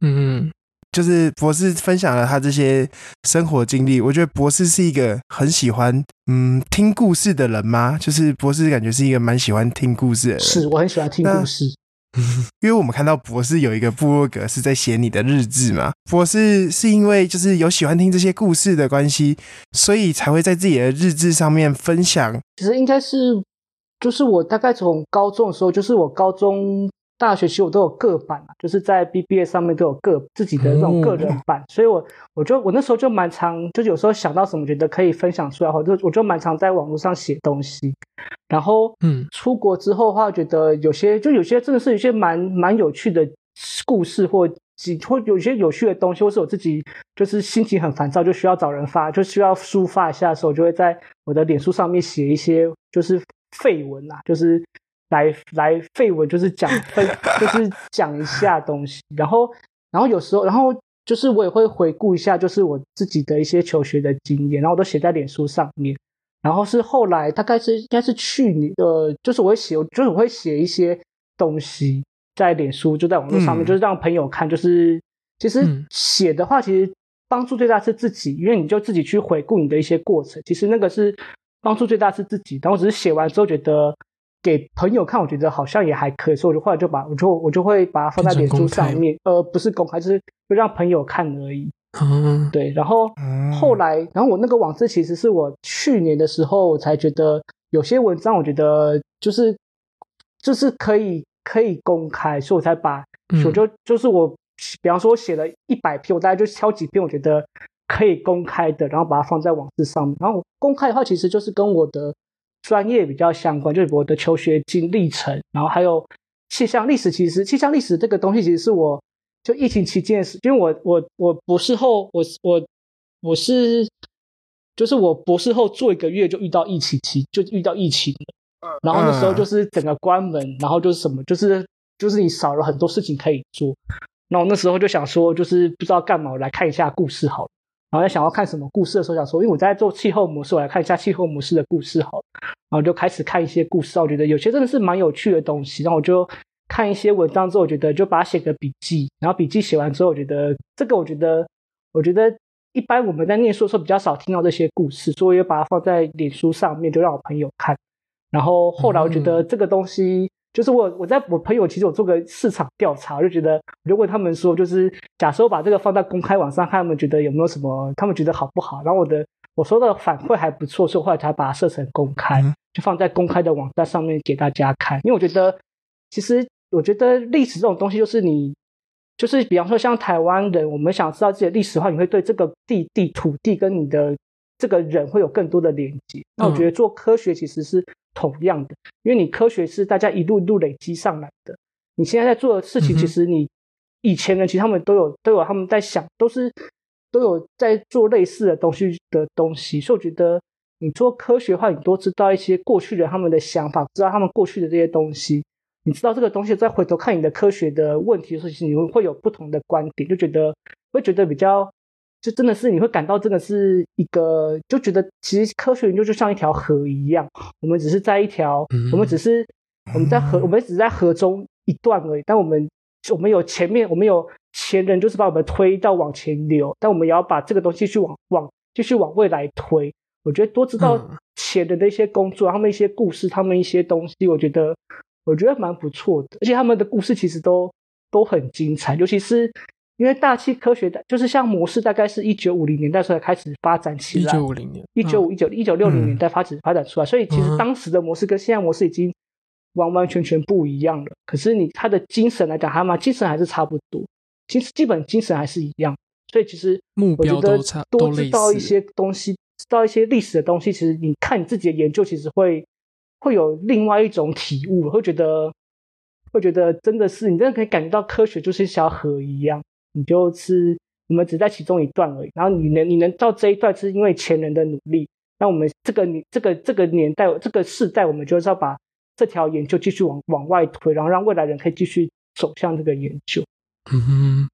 嗯，就是博士分享了他這些生活經歷，我覺得博士是一個很喜歡嗯聽故事的人嗎？就是博士感覺是一個蠻喜歡聽故事的人，是，我很喜歡聽故事。 <laughs> 因為我們看到博士有一個部落格是在寫你的日誌嘛，博士是因為就是有喜歡聽這些故事的關係，所以才會在自己的日誌上面分享。其實應該是，就是我大概從高中的時候，就是我高中。大學期我都有個版、啊、就是在 BBS 上面都有個自己的那種個人版，哦、所以我我就我那時候就蠻常，就有時候想到什麼覺得可以分享出來，或就我就蠻常在網絡上寫東西。然後，嗯，出國之後的話，我覺得有些就有些真的是有些蠻蠻有趣的，故事或幾或有些有趣的東西，或是我自己就是心情很煩躁，就需要找人發，就需要抒發一下的時候，就會在我的臉書上面寫一些就是廢文啦、啊，就是。來來，來廢文就是講分，就是講一下東西。然後，然後有時候，然後就是我也會回顧一下，就是我自己的一些求學的經驗，然後我都寫在臉書上面。然後是後來，大概是應該是去年的，呃，就是我會寫，就是我會寫一些東西在臉書，就在網絡上面，嗯，就是讓朋友看。就是其實寫的話，其實幫助最大是自己，因為你就自己去回顧你的一些過程。其實那個是幫助最大是自己。但我只是寫完之後覺得。給朋友看，我覺得好像也還可以，所以我就後來就把我就我就會把它放在臉書上面，呃，不是公開，就是就讓朋友看而已。嗯對，然後後來，嗯、然後我那個網誌其實是我去年的時候，我才覺得有些文章，我覺得就是就是可以可以公開，所以我才把，嗯、所以我就就是我，比方說我寫了一百篇，我大概就挑幾篇我覺得可以公開的，然後把它放在網誌上面。然後公開的話，其實就是跟我的。專業比較相關，就是我的求學經歷程，然後還有氣象歷史。其實氣象歷史這個東西，其實是我就疫情期間是，因為我我我博士後，我我我是就是我博士後做一個月就遇到疫情期，就遇到疫情了，嗯，然後那時候就是整個關門，然後就是什麼，就是就是你少了很多事情可以做。那我那時候就想說，就是不知道幹嘛，我來看一下故事好了。然後在想要看什麼故事的時候，想說，因為我在做氣候模式，我來看一下氣候模式的故事，好了。然後就開始看一些故事，我覺得有些真的是蠻有趣的東西。然後我就看一些文章之後，我覺得就把它寫個筆記。然後筆記寫完之後，我覺得這個，我覺得，我覺得一般我們在念書的時候比較少聽到這些故事，所以我又把它放在臉書上面，就讓我朋友看。然後後來我覺得這個東西。就是我，我在我朋友，其實我做個市場調查，我就覺得如果他們說，就是假設我把這個放在公開網上，看他們覺得有沒有什麼，他們覺得好不好？然後我的我收到反饋還不錯，所以我後來才把它設成公開，就放在公開的網站上面給大家看。因為我覺得，其實我覺得歷史這種東西，就是你，就是比方說像台灣人，我們想知道自己的歷史的話，你會對這個地地土地跟你的。這個人會有更多的連接。那我覺得做科學其實是同樣的，嗯、因為你科學是大家一路一路累積上來的。你現在在做的事情，其實你、嗯、哼以前的其實他們都有都有他們在想，都是都有在做類似的東西的東西。所以我覺得你做科學的話，你多知道一些過去的他們的想法，知道他們過去的這些東西，你知道這個東西，再回頭看你的科學的問題的時候，其實你會有不同的觀點，就覺得會覺得比較。就真的是你會感到，真的是一個就覺得，其實科學研究就像一條河一樣，我們只是在一條，我們只是我們在河，我們只是在河中一段而已。但我們我們有前面，我們有前人，就是把我們推到往前流，但我們也要把這個東西去往往繼續往未來推。我覺得多知道前人的一些工作，他們一些故事，他們一些東西，我覺得我覺得蠻不錯的，而且他們的故事其實都都很精彩，尤其是。因為大氣科學的，就是像模式，大概是一九五零年代才開始發展起來。一九五零年，一九五一九一九六零年代發展發展出來，嗯、所以其實當時的模式跟現在模式已經完完全全不一樣了。嗯、可是你它的精神來講，他嘛精神還是差不多，其實基本精神還是一樣。所以其實我覺得多知道一些東西，知道一些歷史的東西，其實你看你自己的研究，其實會會有另外一種體悟，會覺得會覺得真的是你真的可以感覺到科學就是一小河一樣。你就是你們只在其中一段而已，然後你能你能到這一段，是因為前人的努力。那我們這個你這個這個年代這個世代，我們就是要把這條研究繼續往往外推，然後讓未來人可以繼續走向這個研究。嗯哼，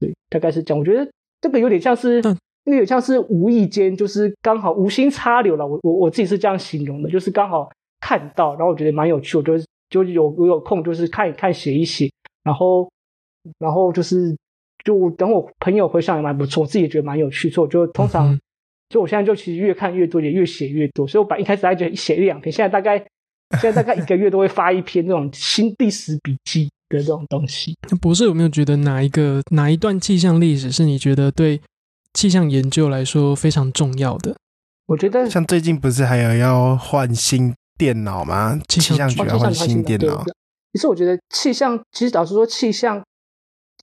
對，大概是這樣。我覺得這個有點像是，有點像是無意間，就是剛好無心插柳了。我我我自己是這樣形容的，就是剛好看到，然後我覺得蠻有趣，我就是就有我有空就是看一看，寫一寫，然後。然後就是，就等我朋友回想也蠻不錯，我自己也覺得蠻有趣。所以我就通常，就我現在就其實越看越多，也越寫越多。所以我把一開始還只寫一兩篇，現在大概現在大概一個月都會發一篇那種新歷史筆記的這種東西。那、嗯、博士有沒有覺得哪一個哪一段氣象歷史是你覺得對氣象研究來說非常重要的？我覺得像最近不是還有要換新電腦嗎？氣象局要換新電腦、哦新。其實我覺得氣象，其實老實說氣象。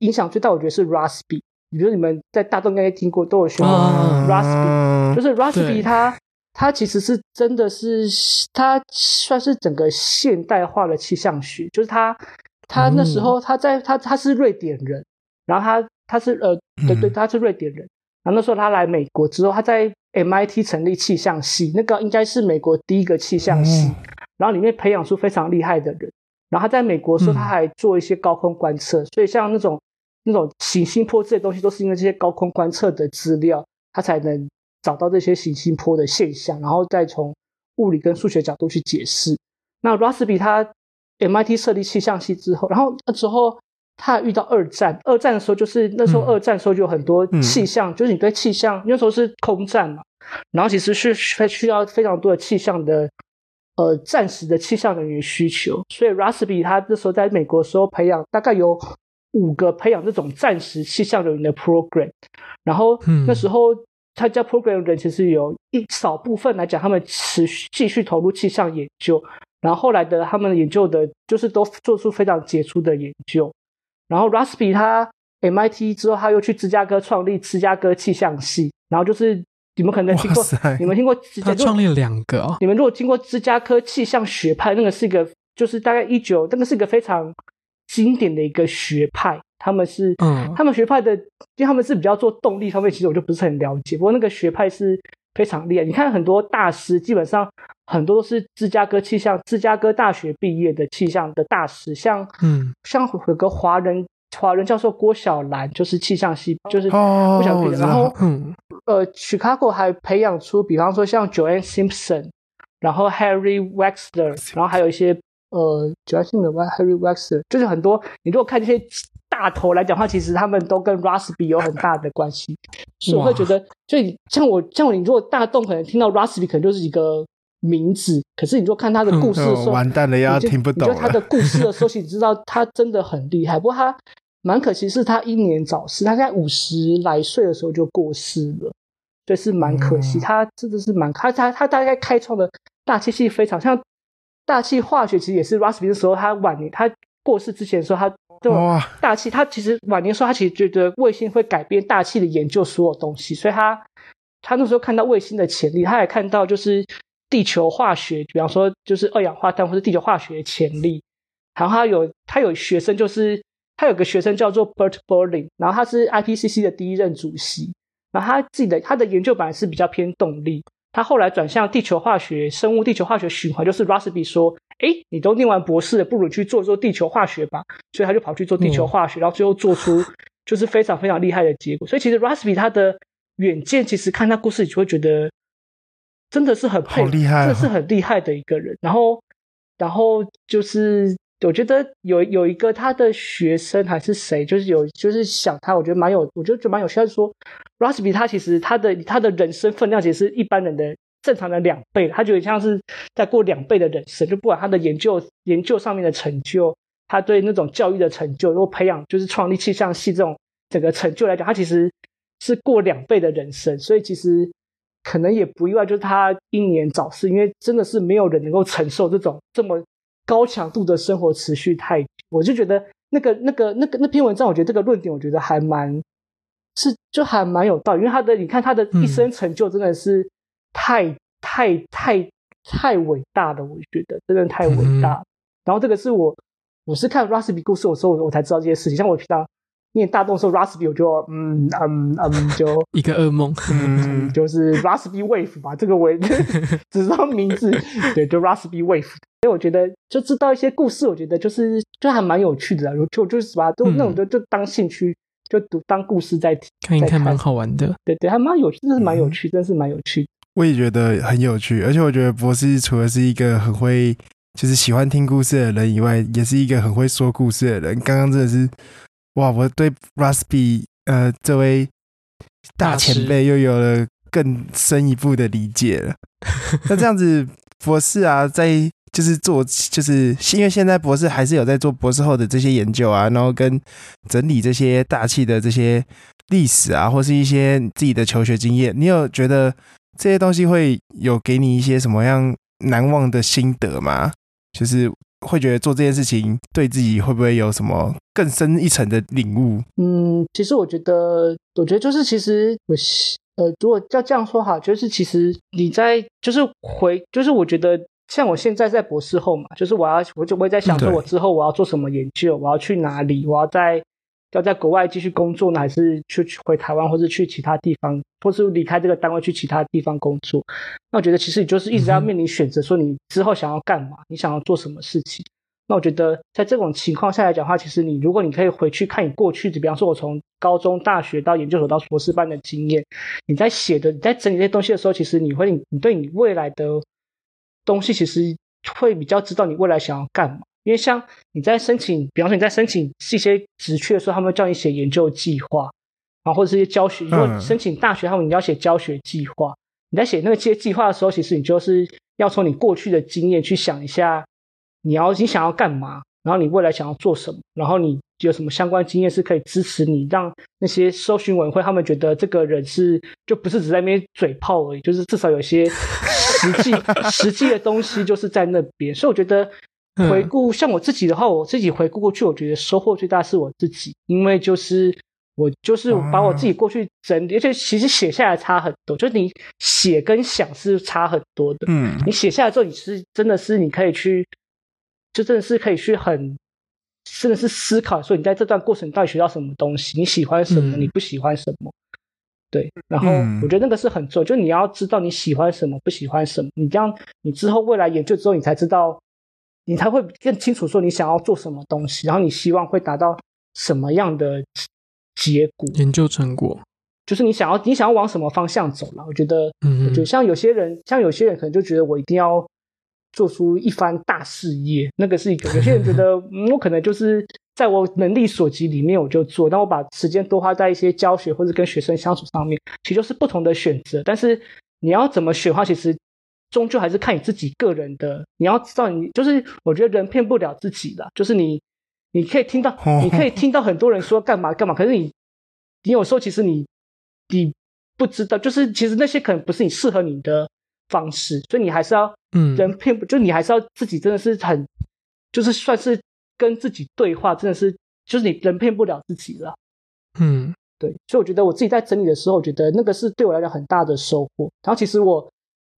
影響最大，我覺得是 Rossby。你比如說你們在大眾應該聽過都有學過 Rossby，、uh, 就是 Rossby 他對他其實是真的是他算是整個現代化的氣象學，就是他他那時候他在、嗯、他他是瑞典人，然後他他是呃對對，對，他是瑞典人，嗯、然後那時候他來美國之後，他在 MIT 成立氣象系，那個應該是美國第一個氣象系，嗯、然後裡面培養出非常厲害的人，然後他在美國的時候、嗯、他還做一些高空觀測，所以像那種。那種行星波這些東西，都是因為這些高空觀測的資料，它才能找到這些行星波的現象，然後再從物理跟數學角度去解釋。那 Rossby 他 MIT 設立氣象系之後，然後那之後他遇到二戰，二戰的時候就是那時候二戰的時候就有很多氣象，就是你對氣象因為那時候是空戰嘛，然後其實是需要非常多的氣象的呃暫時的氣象的人員需求，所以 Rossby 他那時候在美國的時候培養大概有。五個培養這種暫時氣象人員的 program，然後那時候參加 program 的人其實有一少部分來講，他們持續繼續投入氣象研究，然後後來的他們的研究的，就是都做出非常傑出的研究。然後 Rossby 他 MIT 之後，他又去芝加哥創立芝加哥氣象系，然後就是你們可能聽過，你們聽過芝加哥他創立了兩個哦。你們如果經過芝加哥氣象學派，那個是一個，就是大概一九，那個是一個非常。經典的一個學派，他們是，嗯，他們學派的，因為他們是比較做動力方面，其實我就不是很了解。不過那個學派是非常厲害，你看很多大師，基本上很多都是芝加哥氣象、芝加哥大學畢業的氣象的大師，像，嗯，像有個華人華人教授郭曉嵐，就是氣象系，就是想的，哦哦哦然後，嗯、呃 Chicago 還培養出，比方說像 Joanne Simpson，然後 Harry Wexler，然後還有一些。呃，主要性的，Harry Wexler 就是很多你如果看這些大頭來講的話，其實他們都跟 Rossby 有很大的關係，是哇我會覺得，就你像我像我你，如果大動可能聽到 Rossby，可能就是一個名字，可是你如果看他的故事的時候呵呵，完蛋了呀，聽不懂你就。你就他的故事的時候，其實你知道他真的很厲害， <laughs> 不過他蠻可惜，是他英年早逝，他在五十來歲的時候就過世了，對、就，是蠻可惜，嗯、他真的是蠻他他他大概開創的大氣系非常像。大氣化學其實也是 Rossby 的時候，他晚年他過世之前的時候，他對大氣，他其實晚年說他其實覺得衛星會改變大氣的研究所有東西，所以他他那時候看到衛星的潛力，他也看到就是地球化學，比方說就是二氧化碳或者地球化學的潛力。然後他有他有學生，就是他有個學生叫做 Bert Bolin，然後他是 IPCC 的第一任主席。然後他自己的他的研究本來是比較偏動力。他後來轉向地球化學生物地球化學循環，就是 Rossby 說：“誒，你都念完博士了，不如去做做地球化學吧。”所以他就跑去做地球化學，然後最後做出就是非常非常厲害的結果。所以其實 Rossby 他的遠見，其實看他故事就會覺得真的是很好厲害，啊，真的是很厲害的一個人。然後，然後就是。我覺得有有一個他的學生還是誰，就是有就是想他，我覺得蠻有，我覺得就蠻有。雖然說，Rossby 他其實他的他的人生分量其實是一般人的正常的兩倍，他覺得像是在過兩倍的人生。就不管他的研究研究上面的成就，他對那種教育的成就，如果培養就是創立氣象系這種整個成就來講，他其實是過兩倍的人生。所以其實可能也不意外，就是他英年早逝，因為真的是沒有人能夠承受這種這麼。高強度的生活持續太久，我就覺得那個那個那個那篇文章，我覺得這個論點，我覺得還蠻是就還蠻有道理，因為他的你看他的一生成就真的是太、嗯、太太太偉大的，我覺得真的太偉大。嗯、然後這個是我我是看 Raspy 故事，我說我我才知道這些事情，像我平常。念大動說 Rossby，我就嗯嗯嗯，就一個噩夢。嗯，就 <laughs> 嗯、就是 Rossby Wave 吧，這個我 <laughs> 只知道名字。對，就 Rossby Wave。 <laughs> 所以我覺得就知道一些故事，我覺得就是就還蠻有趣的。就就是什麼，就那種就就當興趣就讀當故事在聽。看一看，蠻好玩的。對對，還蠻有趣，真是蠻有趣，真是蠻有趣。我也覺得很有趣，而且我覺得博士除了是一個很會就是喜歡聽故事的人以外，也是一個很會說故事的人。剛剛真的是。哇，我對 Rossby 呃，這位大前輩又有了更深一步的理解了。大師 <laughs> 那這樣子博士啊，在就是做就是因為現在博士還是有在做博士後的這些研究啊，然後跟整理這些大氣的這些歷史啊，或是一些自己的求學經驗，你有覺得這些東西會有給你一些什麼樣難忘的心得嗎？就是。會覺得做這件事情對自己會不會有什麼更深一層的領悟？嗯，其實我覺得，我覺得就是其實，我呃，如果要這樣說哈，就是其實你在就是回，就是我覺得像我現在在博士後嘛，就是我要我就會在想說，我之後我要做什麼研究，對我要去哪裡，我要在。要在國外繼續工作呢，還是去去回台灣，或者去其他地方，或是離開這個單位去其他地方工作？那我覺得，其實你就是一直要面臨選擇，說你之後想要幹嘛，嗯、哼你想要做什麼事情？那我覺得，在這種情況下來講的話，其實你如果你可以回去看你過去，比方說，我從高中、大學到研究所到博士班的經驗，你在寫的、你在整理這些東西的時候，其實你會，你對你未來的東西，其實會比較知道你未來想要幹嘛。因為像你在申請，比方說你在申請一些職缺的時候，他們會叫你寫研究計劃，然後或者是一些教學。如果申請大學，他們你要寫教學計劃。嗯、你在寫那個些計劃的時候，其實你就是要從你過去的經驗去想一下，你要你想要幹嘛，然後你未來想要做什麼，然後你有什麼相關經驗是可以支持你，讓那些搜尋委員會他們覺得這個人是就不是只在那邊嘴炮而已，就是至少有些實際 <laughs> 實際的東西就是在那邊。所以我覺得。回顧像我自己的話，我自己回顧過去，我覺得收穫最大是我自己，因為就是我就是把我自己過去整理，啊、而且其實寫下來差很多，就你寫跟想是差很多的。嗯，你寫下來之後，你是真的是你可以去，就真的是可以去很，真的是思考，所以你在這段過程到底學到什麼東西，你喜歡什麼，你不喜歡什麼，嗯、對，然後我覺得那個是很重、嗯、就你要知道你喜歡什麼，不喜歡什麼，你這樣你之後未來研究之後，你才知道。你才會更清楚說你想要做什麼東西，然後你希望會達到什麼樣的結果？研究成果。就是你想要，你想要往什麼方向走嘛。我覺得，嗯，嗯，就像有些人，像有些人可能就覺得我一定要做出一番大事業，那個是一個。對有些人覺得， <laughs> 嗯，我可能就是在我能力所及裡面我就做，那我把時間多花在一些教學或者跟學生相處上面，其實就是不同的選擇。但是你要怎麼選的話，其實。終究還是看你自己個人的。你要知道你，你就是我覺得人騙不了自己的，就是你，你可以聽到， <laughs> 你可以聽到很多人說乾嘛幹嘛，可是你，你有時候其實你，你不知道，就是其實那些可能不是你適合你的方式，所以你還是要，嗯，人騙不，就你還是要自己真的是很，就是算是跟自己對話，真的是，就是你人騙不了自己了，嗯，對。所以我覺得我自己在整理的時候，我覺得那個是對我來講很大的收穫。然後其實我。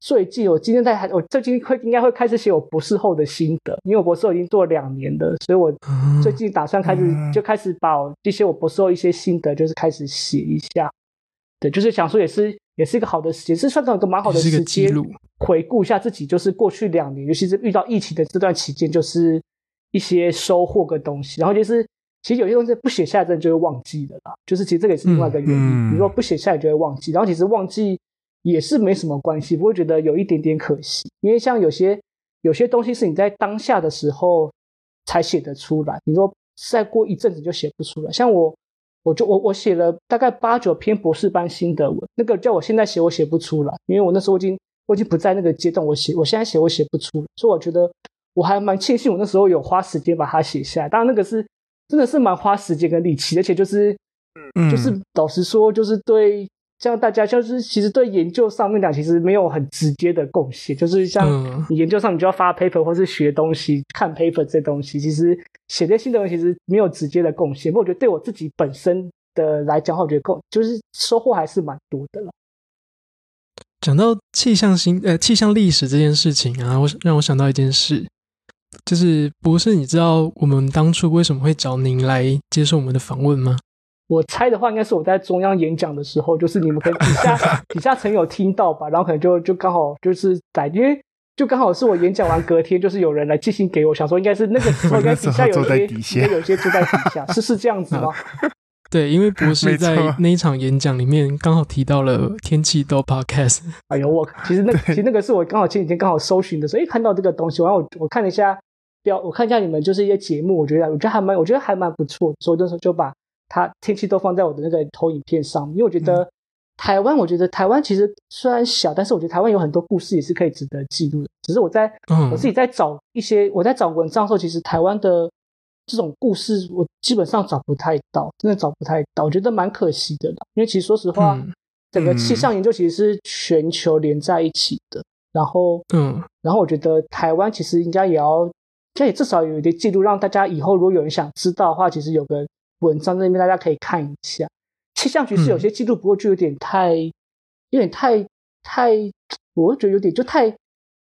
所以記得我今天在，我最近會應該會開始寫我博士後的心得，因為我博士後已經做了兩年了，所以我最近打算開始就、嗯、就開始把一些我博士後一些心得，就是開始寫一下。對，就是想說也是也是一個好的時間，是算是有一個蠻好的時間，回顧一下自己，就是過去兩年，尤其是遇到疫情的這段期間，就是一些收穫跟東西。然後就是其實有些東西不寫下來真的就會忘記的啦，就是其實這個也是另外一個原因，嗯嗯、比如說不寫下來就會忘記，然後其實忘記。也是沒什麼關係，不會覺得有一點點可惜，因為像有些有些東西是你在當下的時候才寫得出來，你說再過一陣子就寫不出來。像我，我就我我寫了大概八九篇博士班心得文，那個叫我現在寫我寫不出來，因為我那時候已經我已經不在那個階段，我寫我現在寫我寫不出來，所以我覺得我還蠻慶幸我那時候有花時間把它寫下來。當然那個是真的是蠻花時間跟力氣，而且就是，就是，嗯，就是老實說就是對。像大家就是其實對研究上面講，其實沒有很直接的貢獻。就是像你研究上，你就要發 paper，或是學東西、看 paper 這東西。其實寫這新的東西，其實沒有直接的貢獻。不過我覺得對我自己本身的來講，話我覺得就是收穫還是蠻多的了。講到氣象新呃氣象歷史這件事情啊，我讓我想到一件事，就是博士，你知道我們當初為什麼會找您來接受我們的訪問嗎？我猜的話，應該是我在中央演講的時候，就是你們可能底下 <laughs> 底下曾有聽到吧，然後可能就就剛好就是在因為就剛好是我演講完隔天，就是有人來寄信給我，想說應該是那個時候，應該底下有些有些住在底下，是是這樣子嗎、啊？對，因為不是在那一場演講裡面剛好提到了天氣豆 podcast。哎呦，我其實那對其實那個是我剛好前幾天剛好搜尋的時候，哎、看到這個東西，然後我，我看一下表，我看一下你們就是一些節目，我覺得我覺得還蠻我覺得還蠻，我覺得還蠻不錯，所以就說就把。它天氣都放在我的那個投影片上，因為我覺得台灣，嗯、我覺得台灣其實雖然小，但是我覺得台灣有很多故事也是可以值得記錄的。只是我在、嗯、我自己在找一些我在找文章的時候，其實台灣的這種故事我基本上找不太到，真的找不太到，我覺得蠻可惜的的。因為其實說實話，嗯、整個氣象研究其實是全球連在一起的。然後，嗯，然後我覺得台灣其實應該也要應該也至少有一個記錄，讓大家以後如果有人想知道的話，其實有個。文章那邊大家可以看一下，氣象局是有些記錄，不過就有點太，嗯、有點太太，我會覺得有點就太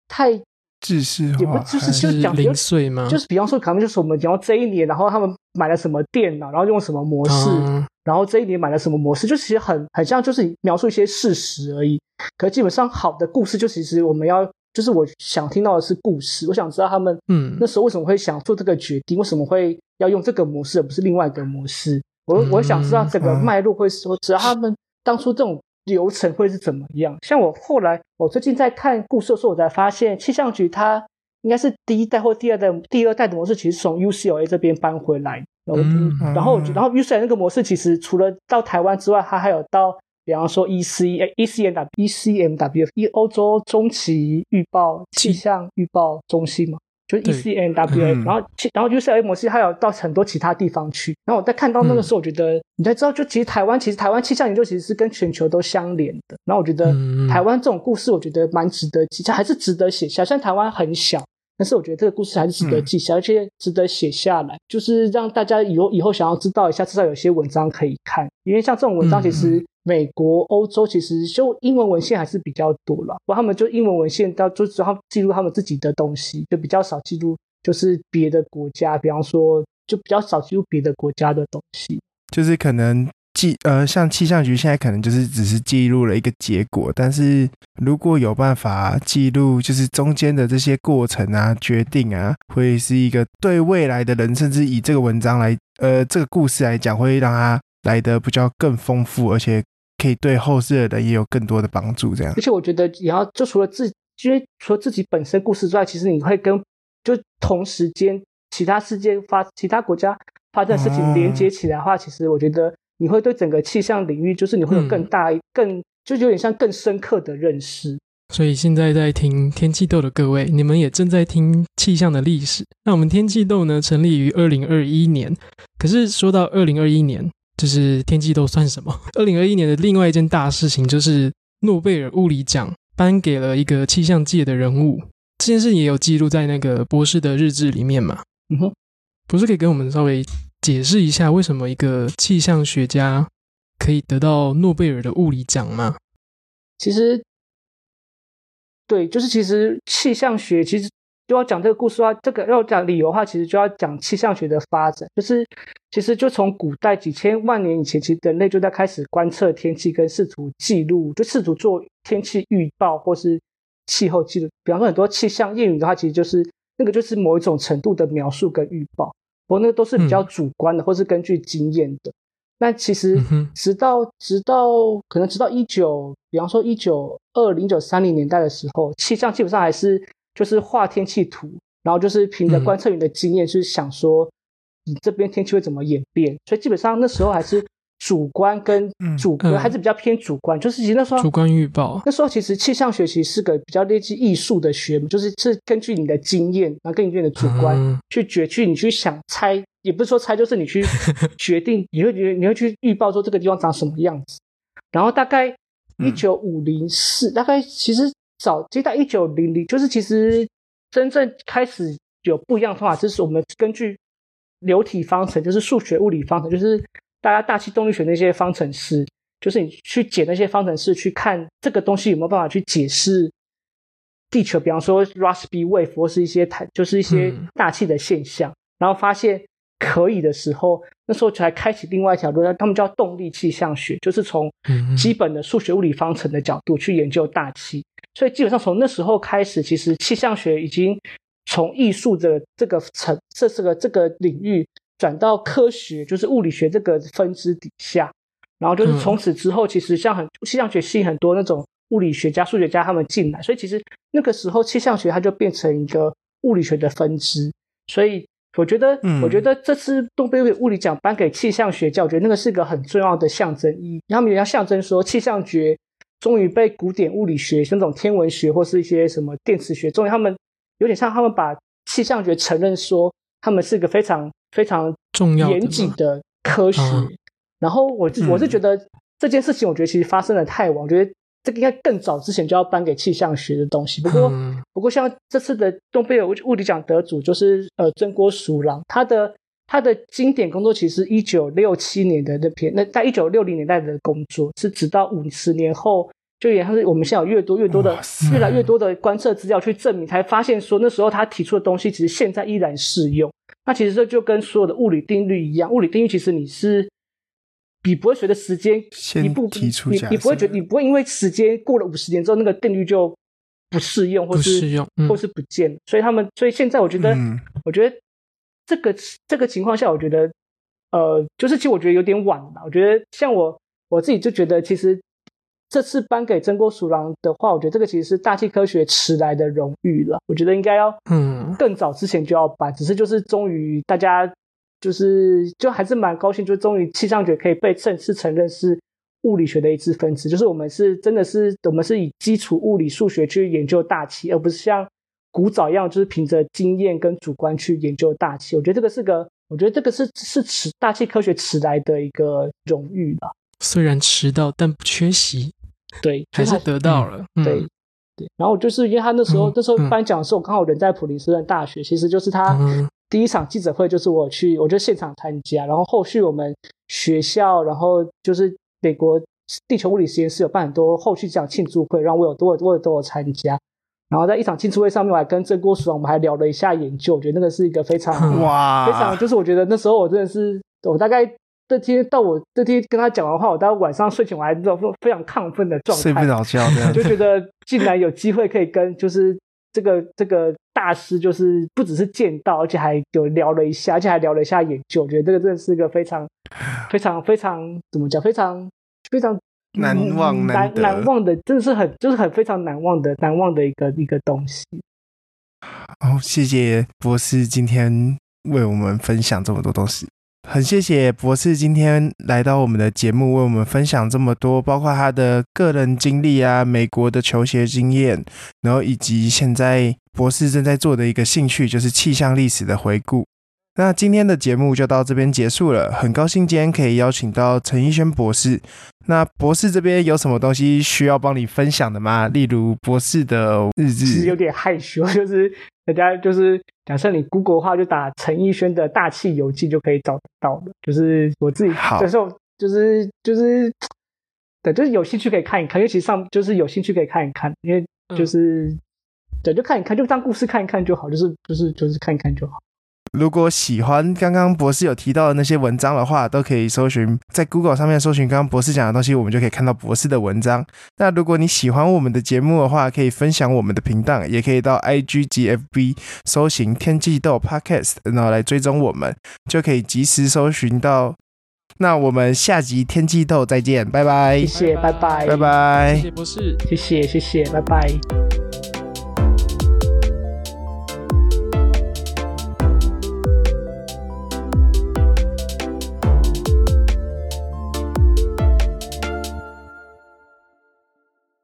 太，自是也不就是，是就講比較零碎嗎？就是比方說可能就是我們講到這一年，然後他們買了什麼電腦，然後用什麼模式，嗯、然後這一年買了什麼模式，就其實很很像就是描述一些事實而已。可是基本上好的故事就其實我們要。就是我想聽到的是故事，我想知道他們嗯那時候為什麼會想做這個決定，嗯、為什麼會要用這個模式而不是另外一個模式？我我想知道整個脈絡會說，我知道他們當初這種流程會是怎麼樣？像我後來我最近在看故事的時候，我才發現氣象局它應該是第一代或第二代第二代的模式，其實從 UCLA 這邊搬回來，然後、嗯、然後、然後 UCLA 那個模式其實除了到台灣之外，它還有到。比方說 EC ECMWF，E 歐洲中期預報氣象預報中心嘛，就 ECMWF，對然後、嗯、然後 UCLA 模式還有到很多其他地方去。然後我在看到那個時候，我覺得、嗯、你才知道，就其實台灣其實台灣氣象研究其實是跟全球都相連的。然後我覺得台灣這種故事，我覺得蠻值得記，其實還是值得寫下雖然台灣很小。但是我覺得這個故事還是值得記下，嗯、而且值得寫下來，就是讓大家以後以後想要知道一下，至少有些文章可以看。因為像這種文章，其實美國、嗯、歐洲其實就英文文獻還是比較多了。然後他們就英文文獻，到就之後記錄他們自己的東西，就比較少記錄，就是別的國家，比方說就比較少記錄別的國家的東西，就是可能。記，呃，像氣象局現在可能就是只是記錄了一個結果，但是如果有辦法記錄，就是中間的這些過程啊、決定啊，會是一個對未來的人，甚至以這個文章來，呃，這個故事來講，會讓它來得比較更豐富，而且可以對後世的人也有更多的幫助。這樣，而且我覺得也要，然後就除了自己，因為除了自己本身故事之外，其實你會跟，就同時間其他事件發，其他國家發生的事情連接起來的話，嗯、其實我覺得。你會對整個氣象領域，就是你會有更大、嗯、更就有點像更深刻的認識。所以現在在聽天氣豆的各位，你們也正在聽氣象的歷史。那我們天氣豆呢，成立於二零二一年。可是說到二零二一年，就是天氣豆算什麼？二零二一年的另外一件大事情，就是諾貝爾物理獎頒給了一個氣象界的人物。這件事也有記錄在那個博士的日誌裡面嘛？不是可以跟我們稍微，解釋一下，為什麼一個氣象學家可以得到諾貝爾的物理獎嗎？其實，對，就是其實氣象學，其實就要講這個故事的話，這個要講理由的話，其實就要講氣象學的發展。就是其實就從古代幾千萬年以前，其實人類就在開始觀測天氣跟試圖記錄，就試圖做天氣預報或是氣候記錄。比方說很多氣象諺語的話，其實就是那個就是某一種程度的描述跟預報。我那個都是比較主觀的，或是根據經驗的。那、嗯、其實直到、嗯、哼直到可能直到一九，比方說一九二零、一九三零年代的時候，氣象基本上還是就是畫天氣圖，然後就是憑着觀測員的經驗去想說，你這邊天氣會怎麼演變。所以基本上那時候還是。主觀跟主觀還是比較偏主觀，嗯嗯、就是其實那時候主觀預報。那時候其實氣象學習是個比較類似藝術的學，就是是根據你的經驗，然後根據你的主觀、嗯、去決去，你去想猜，也不是說猜，就是你去決定， <laughs> 你會覺你會去預報說這個地方長什麼樣子。然後大概一九五零四，大概其實早，接到一九零零，就是其實真正開始有不一樣的方法，就是我們根據流體方程，就是數學物理方程，就是。大家大氣動力學那些方程式，就是你去解那些方程式，去看這個東西有沒有辦法去解釋地球，比方說 Rossby wave 或是一些太就是一些大氣的現象，然後發現可以的時候，那時候才開啟另外一條路，那他們叫動力氣象學，就是從基本的數學物理方程的角度去研究大氣。所以基本上從那時候開始，其實氣象學已經從藝術的這個層，這這個這個領域。轉到科學，就是物理學這個分支底下，然後就是從此之後，其實像很氣象學吸引很多那種物理學家、數學家他們進來，所以其實那個時候氣象學它就變成一個物理學的分支。所以我覺得，我覺得這次諾貝爾物理獎頒給氣象學家，我覺得那個是一個很重要的象徵意義。他們也要象徵說氣象學終於被古典物理學，像那種天文學或是一些什麼電磁學，終於他們有點像他們把氣象學承認說他們是一個非常。非常嚴謹的科學，嗯、然後我我是覺得這件事情，我覺得其實發生的太晚，嗯、我覺得這個應該更早之前就要頒給氣象學的東西。不過、嗯、不過，像這次的諾貝爾物理獎得主就是呃真鍋淑郎，他的他的經典工作其實一九六七年的那篇，那在一九六零年代的工作是直到五十年後。就也是我們現在有越多越多的、越來越多的觀測資料去證明，才發現說，那時候他提出的東西，其實現在依然適用。那其實這就跟所有的物理定律一樣，物理定律其實你是，你不會隨着時間你不你你不會覺得你不會因為時間過了五十年之後那個定律就不適用，或是或是不見。所以他們所以現在我覺得，我覺得這個這個情況下，我覺得，呃，就是其實我覺得有點晚了吧。我覺得像我我自己就覺得其實。這次頒給真鍋淑郎的話，我覺得這個其實是大氣科學遲來的榮譽了。我覺得應該要嗯更早之前就要頒，只是就是終於大家就是就還是蠻高興，就終於氣象學可以被正式承認是物理學的一支分支。就是我們是真的是我們是以基礎物理數學去研究大氣，而不是像古早一樣就是憑着經驗跟主觀去研究大氣。我覺得這個是個，我覺得這個是是遲大氣科學遲來的一個榮譽了。雖然遲到，但不缺席。對，還是得到了。對，對。然後就是因為他那時候，嗯、那時候頒獎的時候，剛好人在普林斯頓大學，嗯、其實就是他第一場記者會，就是我去，我就現場參加。然後後續我們學校，然後就是美國地球物理實驗室有辦很多後續這樣慶祝會，讓我有多多的都有參加。然後在一場慶祝會上面，我還跟真鍋淑郎我們還聊了一下研究，我覺得那個是一個非常哇，非常就是我覺得那時候我真的是我大概。這天到我這天跟他講完話，我到晚上睡醒我還那種非常亢奮的狀態，睡不着覺， <laughs> 就覺得竟然有機會可以跟就是這個這個大師，就是不只是見到，而且還有聊了一下，而且還聊了一下研究，我覺得這個真的是一個非常非常非常怎麼講，非常非常難忘難、嗯、難、難忘的，真的是很就是很非常難忘的難忘的一個一個東西。好、哦，謝謝博士今天為我們分享這麼多東西。很謝謝博士今天來到我們的節目，為我們分享這麼多，包括他的個人經歷啊，美國的求學經驗，然後以及現在博士正在做的一個興趣，就是氣象歷史的回顧。那今天的節目就到這邊結束了，很高興今天可以邀請到陳毅軒博士。那博士這邊有什麼東西需要幫你分享的嗎？例如博士的日誌，是有點害羞，就是大家就是假設你 Google 的話，就打陳毅軒的大氣遊記就可以找得到，就是我自己、就是，好、就是，就是就是對，就是有興趣可以看一看，尤其上就是有興趣可以看一看，因為就是、嗯、對，就看一看，就當故事看一看就好，就是就是就是看一看就好。如果喜歡剛剛博士有提到的那些文章的話，都可以搜尋在 Google 上面搜尋剛剛博士講的東西，我們就可以看到博士的文章。那如果你喜歡我們的節目的話，可以分享我們的頻道，也可以到 IG 及 FB 搜尋天氣豆 Podcast，然後來追蹤我們，就可以及時搜尋到。那我們下集天氣豆再見，拜拜。謝謝，拜拜，拜拜。謝謝博士，謝謝，謝謝，拜拜。